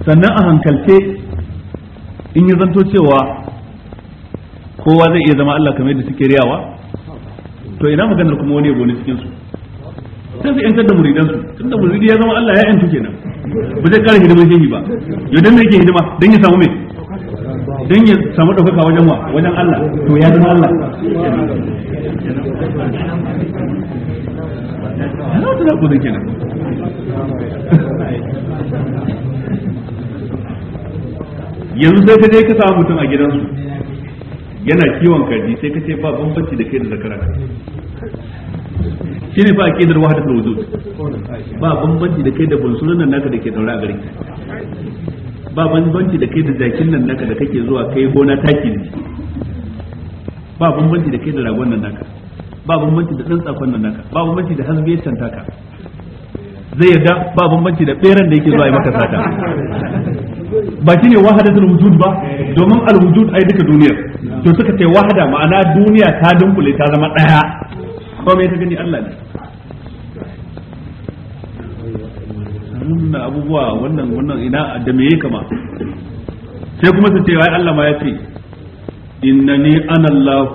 sannan a hankalce in yi zanto cewa kowa zai iya zama Allah kamar yadda suke riyawa to ina maganar kuma wani yabo ne cikin su sai su yantar da muridan su da muridi ya zama Allah ya yantu kenan ba zai kara hidimar shehi ba yau dan yake hidima dan ya samu me dan ya samu ɗaukaka wajen wa wajen Allah to ya zama Allah ana wata zaku da kenan yanzu sai ka je ka samu mutum a gidansu yana kiwon kaji sai kace ba bambanci da kai da zakara shine ba aqidar wahdatul wujud ba bambanci da kai da bunsunan nan naka da ke daura gari ba bambanci da kai da jakin nan naka da kake zuwa kai gona taki ne ba bambanci da kai da ragon nan naka ba bambanci da dan tsakon nan naka ba bambanci da hasbiyar tantaka zai yarda ba bambanci da beran da yake zuwa yi maka sata ba shi ne wahada wahadatul wujud ba domin alwujud ai duka duniya to suka ce wahada ma'ana duniya ta dunkule ta zama daya ko me ta gani Allah ne wannan abubuwa wannan wannan ina da me yake kama sai kuma su ce wai Allah ma ya ce innani ana Allah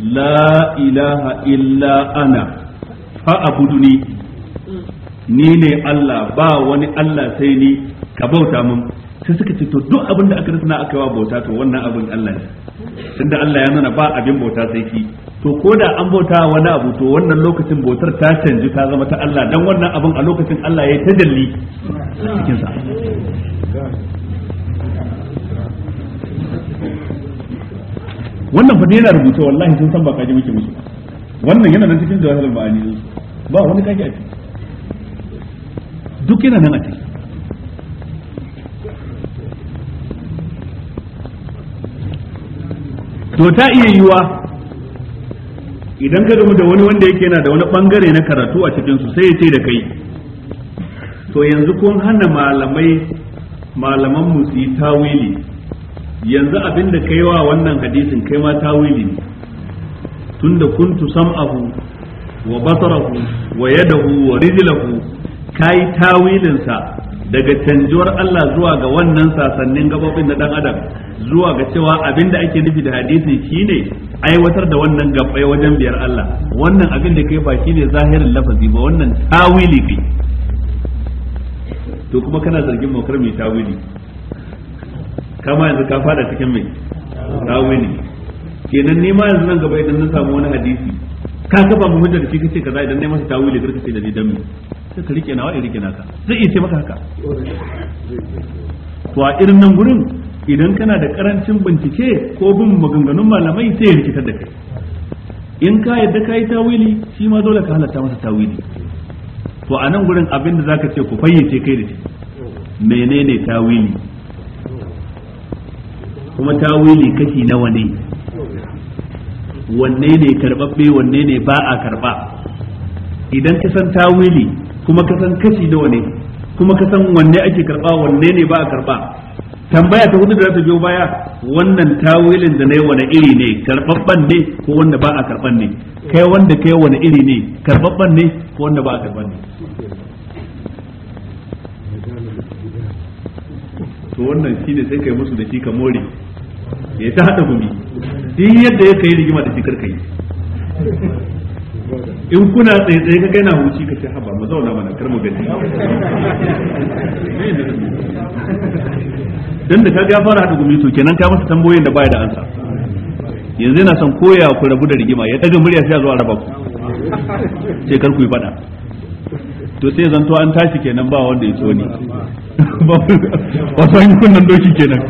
la ilaha illa ana fa abuduni ni ne Allah ba wani Allah sai ni ka bauta mun sai suka ce to duk abin da aka rusuna aka yi wa bauta to wannan abin Allah ne tunda Allah ya nuna ba abin bauta sai ki to ko da an bauta wani abu to wannan lokacin bautar ta canji ta zama ta Allah dan wannan abin a lokacin Allah ya dalli cikin sa wannan fa yana rubuta wallahi sun san ba kaji muke musu wannan yana nan cikin jawahirul ma'ani ba wani kaji a ciki duk yana nan a ciki to ta iya yiwa idan ka gamu da wani wanda yake yana da wani bangare na karatu a cikin su sai ya ce da kai to yanzu kun hana malamai malaman mu su yi tawili yanzu abin da kai wa wannan hadisin kai ma tawili tunda kuntu sam'ahu wa basarahu wa yadahu wa rijlahu kai tawilin sa daga canjuwar Allah zuwa ga wannan sasannin gabobin na dan adam zuwa ga cewa abinda ake nufi da hadisi shine aiwatar da wannan gabbai wajen biyar Allah wannan abin da kai ba shine zahirin lafazi ba wannan tawili ne to kuma kana zargin mokar mai tawili kama yanzu ka fada cikin mai tawili kenan ni ma yanzu nan gaba idan na samu wani hadisi ka kafa mu hujjar shi kace kaza idan nayi masa tawili karka da ni dan sai ka rike nawa in rike naka zai iya ce maka haka to a irin nan gurin idan kana da karancin bincike ko bin maganganun malamai sai ya rikitar da kai in ka yadda ka yi tawili shi ma dole ka halatta masa tawili to a nan gurin abin da zaka ce ku fayyace kai da shi menene tawili kuma tawili kashi nawa ne wanne ne karbabbe wanne ne ba a karba idan ka san tawili kuma ka san kashi nawa ne kuma ka san wanne ake karba wanne ne ba a karba tambaya ta hudu da za ta biyo baya wannan tawilin da na yi wani iri ne karɓaɓɓen ne ko wanda ba a karɓan ne kai wanda kai wani iri ne karɓaɓɓen ne ko wanda ba a karɓan ne to wannan shi ne sai kai musu da shi ka more ya ta haɗa gumi duk yadda ya kai rigima da shi karkai in kuna tsaye tsaye kai na huci ka ce haba mu zauna mana kar mu gani dan da kaga ya fara hada gumi to kenan ka masa tambayoyin da baya da ansa yanzu yana son koya ku rabu da rigima ya daga murya sai ya zo a raba ku sai kar ku yi fada to sai zanto an tashi kenan ba wanda ya so ni ba san kunnan doki kenan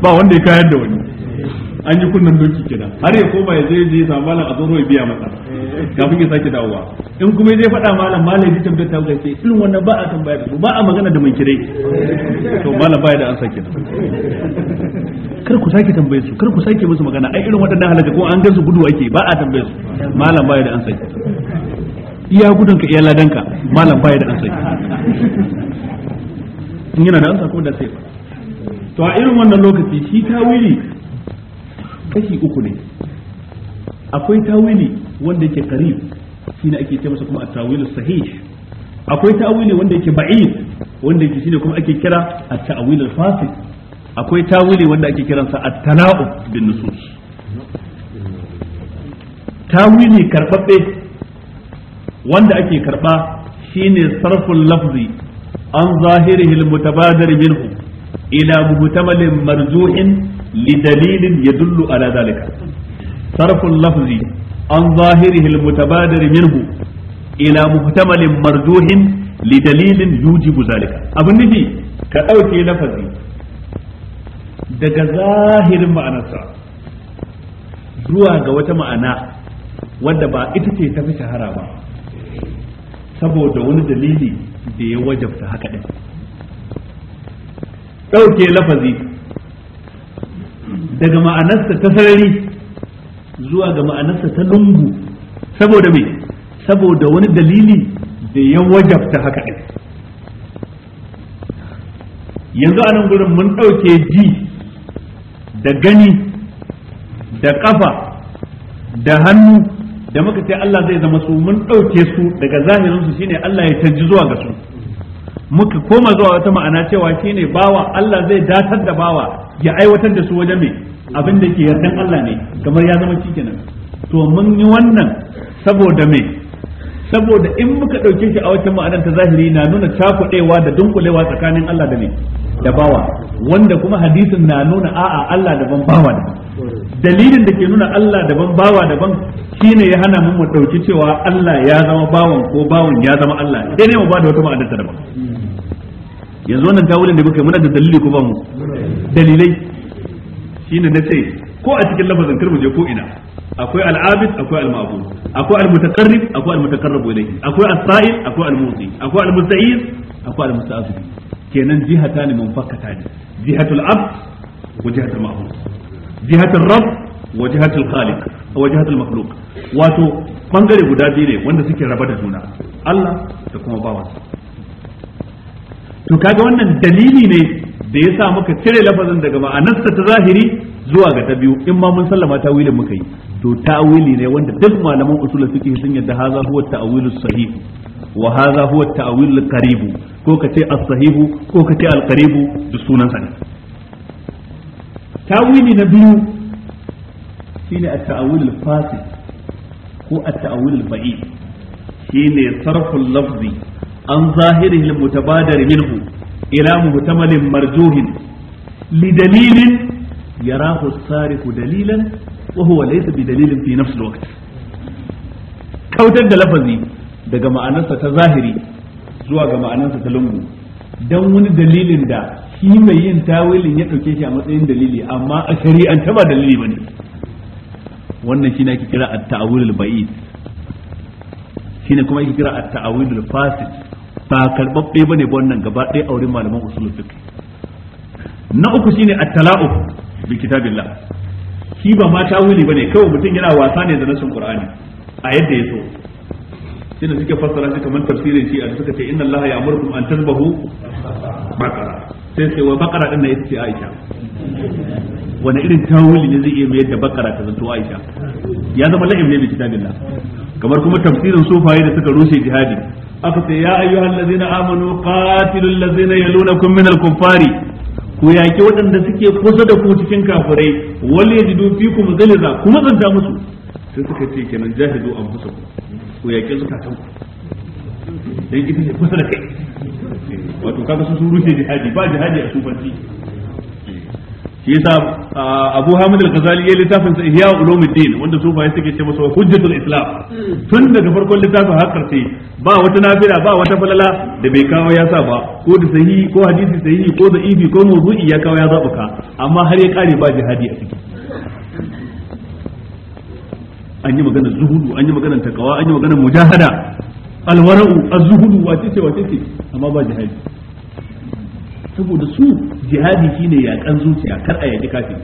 ba wanda ya kayar da wani an yi kunnan doki kenan har ya koma ya je ya samu malam a zo ya biya masa kafin ya sake dawowa in kuma ya je faɗa malam malam ya tambayar ta sai irin wannan ba a tambaya da su ba a magana da mankire to malam baya da an sake da kar ku sake tambaye su kar ku sake musu magana ai irin waɗannan halaka ko an gansu gudu ake ba a tambaye su malam baya da sake iya gudun ka iya ladan ka malam baya da an sake in yana da an sako da sai to a irin wannan lokaci shi tawili kashi uku ne akwai tawili wanda yake shi ne ake ce masa kuma a tawil sahih akwai tawili wanda yake ba'id wanda yake ne kuma ake kira a tawil al akwai tawili wanda ake kiransa a talaub bin nusus tawili karɓaɓɓe wanda ake karɓa shi ne sarful lafzi an zahirihi al-mutabadar minhu ila mubtamalin marjuhin Li lidalilin yadullu ala zalika sarful lafzi an zahirihi almutabadir minhu ila muhtamalin marduhin lidalilin yujibu zalika abin nufi ka ɗauke lafazi daga zahirin ma'anarsa zuwa ga wata ma'ana wadda ba ita ce ta fi shahara ba saboda wani dalili da ya wajabta haka ɗin ɗauke lafazi daga ma'anarsa ta sarari zuwa ga ma'anarsa ta lungu saboda me saboda wani dalili da ya wajabta haka ɗin yanzu a nan gurin mun ɗauke ji da gani da ƙafa da hannu da muka ce Allah zai zama su mun ɗauke su daga zahirinsu shine Allah ya canji zuwa ga su muka koma zuwa wata ma'ana cewa shine bawa Allah zai datar da bawa ya aiwatar da su wajen mai abin da ke yardan Allah ne kamar ya zama shi kenan to mun yi wannan saboda me saboda in muka ɗauke shi a wajen ma'anar ta zahiri na nuna cakuɗewa da dunkulewa tsakanin Allah da mai da bawa wanda kuma hadisin na nuna a'a Allah daban bawa daban dalilin da ke nuna Allah daban bawa daban shine ya hana mu mu ɗauki cewa Allah ya zama bawan ko bawan ya zama Allah dai ne mu ba da wata ma'anar ta daban yanzu wannan tawulin da muka yi muna da dalili ko ba mu dalilai shine na ce ko a cikin lafazin kar mu je ko ina akwai al'abid akwai al-ma'bud akwai al-mutaqarrib akwai al-mutaqarrab ilayhi akwai as-sa'il akwai al-muti akwai al-musta'iz akwai al-musta'afid kenan jihatan ne jihatul abd wa jihatul ma'bud jihatul rabb wa jihatul khaliq wa jihatul makhluq wato bangare guda biyu ne wanda suke raba da juna Allah da kuma bawansa to kaga wannan dalili ne da ya sa muka cire lafazin daga ma'anarsa ta zahiri zuwa ga ta biyu in ma mun sallama tawilin muka yi to tawili ne wanda duk malaman usulul suke sun yadda haza huwa ta'wilu sahih wa haza huwa ta'wilu qarib ko kace as-sahihu ko kace al-qarib da sunan sa tawili na biyu shine at-ta'wil al-fasid ko at-ta'wil al-ba'id shine sarful lafzi an zahirihi al-mutabadar minhu ila muhtamalin marjuhin li dalilin yarahu sariku dalilan wa huwa laysa dalilin fi kautar da lafazi daga ma'anarsa ta zahiri zuwa ga ma'anarsa ta lungu dan wani dalilin da shi mai yin tawilin ya ɗauke shi a matsayin dalili amma a shari'an ba dalili bane wannan ne ake kira at-ta'wilul shi ne kuma ake kira at-ta'wilul fasid ba karbabbe bane ba wannan gaba ɗaya a wurin malaman usulun fiqh na uku shine at-tala'u bi kitabillah shi ba ma tawili bane kawai mutum yana wasa ne da nasin qur'ani a yadda ya so Sai da suke fassara shi kamar tafsirin shi a suka ce inna Allah ya amurkum an tasbahu baqara sai sai wa baqara din ne ita ce Aisha wani irin tawili ne zai iya mayar da baqara ta zanto Aisha ya zama la'im ne bi kitabillah kamar kuma tafsirin sufaye da suka rushe jihadi aka ce ya ayyuhal ladzina amanu qatilul ladzina yalunakum min al-kuffari ku yaki waɗanda suke kusa da ku cikin kafirai wal yajidu fikum ghaliza ku matsanta musu sai suka ce kenan jahidu anfusakum ku yaki zukatan ku dan ita ne kusa da kai wato kaga su sun rushe jihadi ba jihadi a sufanci shi yasa Abu Hamid al-Ghazali ya littafin sa Ihya Ulumuddin wanda sufaye suke ce masa hujjatul Islam tun daga farkon littafin har sai ba wata nafira ba wata falala da bai kawo ya sa ba ko da sahihi ko hadisi sahihi ko da ibi ko mawdu'i ya kawo ya zabuka amma har ya kare ba jihadi a ciki an yi magana zuhudu an yi magana takawa an yi magana mujahada alwara'u az-zuhudu wace ce wace ce amma ba jihadi saboda su jihadi shine yakan zuciya kar a yaki kafin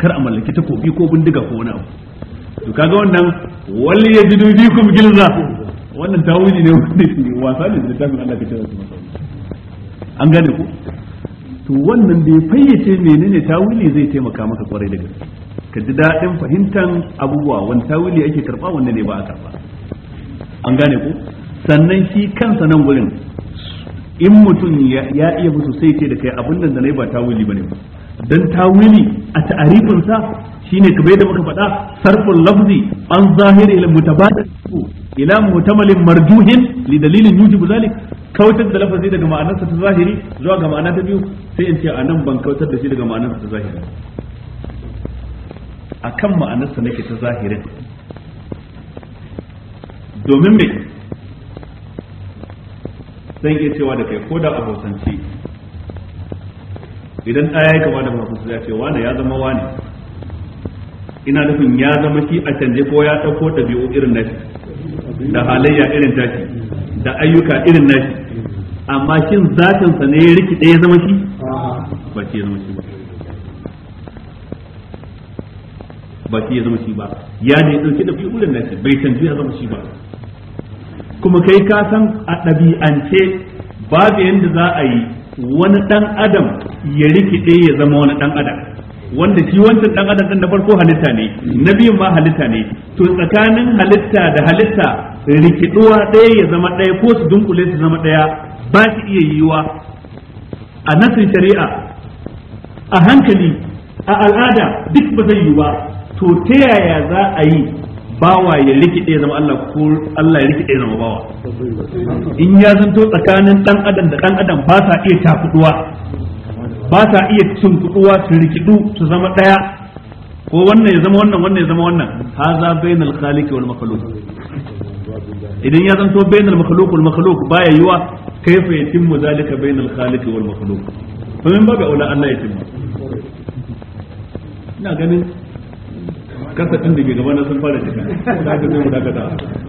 kar a mallaki takobi ko bindiga ko wani abu to kaga wannan wal yajidu bikum gilza wannan tawili ne wanda ne wasa ne da tafin Allah kace su masa an gane ku to wannan da ya fayyace menene tawili zai taimaka maka kwarai da gaske ka ji daɗin fahimtar abubuwa wani tawili ake karɓa wanda ne ba a karɓa an gane ku sannan shi kansa nan gurin in mutum ya iya musu sai ce da kai abin nan da ne ba tawili bane ba dan tawili a ta'arifin sa shine kabe da muka faɗa sarfun lafzi an zahiri ila mutabadil ila mutamalin marjuhin li dalilin yujibu zalik kautar da lafazi daga ma'anarsa ta zahiri zuwa ga ma'ana ta biyu sai in ce a nan ban kautar da shi daga ma'anarsa ta zahiri akan ma'anarsa nake ta zahirin domin me zan iya cewa da kai ko da a hausance idan ɗaya ya kama da mafi ya ce wane ya zama wane ina nufin ya zama shi a canje ko ya ɗauko ɗabi'u irin nashi da halayya irin tashi da ayyuka irin nashi amma shin sa ne ya riki ɗaya zama shi ba shi ya zama shi ba ba shi ya zama shi ba ya ne ɗauki ɗabi'u irin nashi bai canje ya zama shi ba kuma kai ka san a ɗabi'ance babu yadda za a yi wani ɗan adam ya rikide ya zama wani ɗan adam wanda shi wancan ɗan adam ɗin na farko halitta ne na biyun ma halitta ne to tsakanin halitta da halitta rikiduwa ɗaya ya zama ɗaya ko su dunkule su zama ɗaya ba shi iya yiwuwa a nasin shari'a a hankali a al'ada duk ba zai yi ba to ta yaya za a yi bawa ya rikide zama Allah ko Allah ya rikide zama bawa in ya zanto tsakanin dan adam da dan adam ba sa iya takuduwa ba sa iya cin kuduwa su rikidu su zama daya ko wannan ya zama wannan wannan ya zama wannan haza bainal khaliq wal makhluq idan ya zanto bainal makhluq wal makhluq baya yiwa kaifa yatimmu zalika bainal khaliq wal makhluq to ba ga ula Allah ya timma ina ganin kasafin da ke gaba na sun fara cika da aka zai mu dakata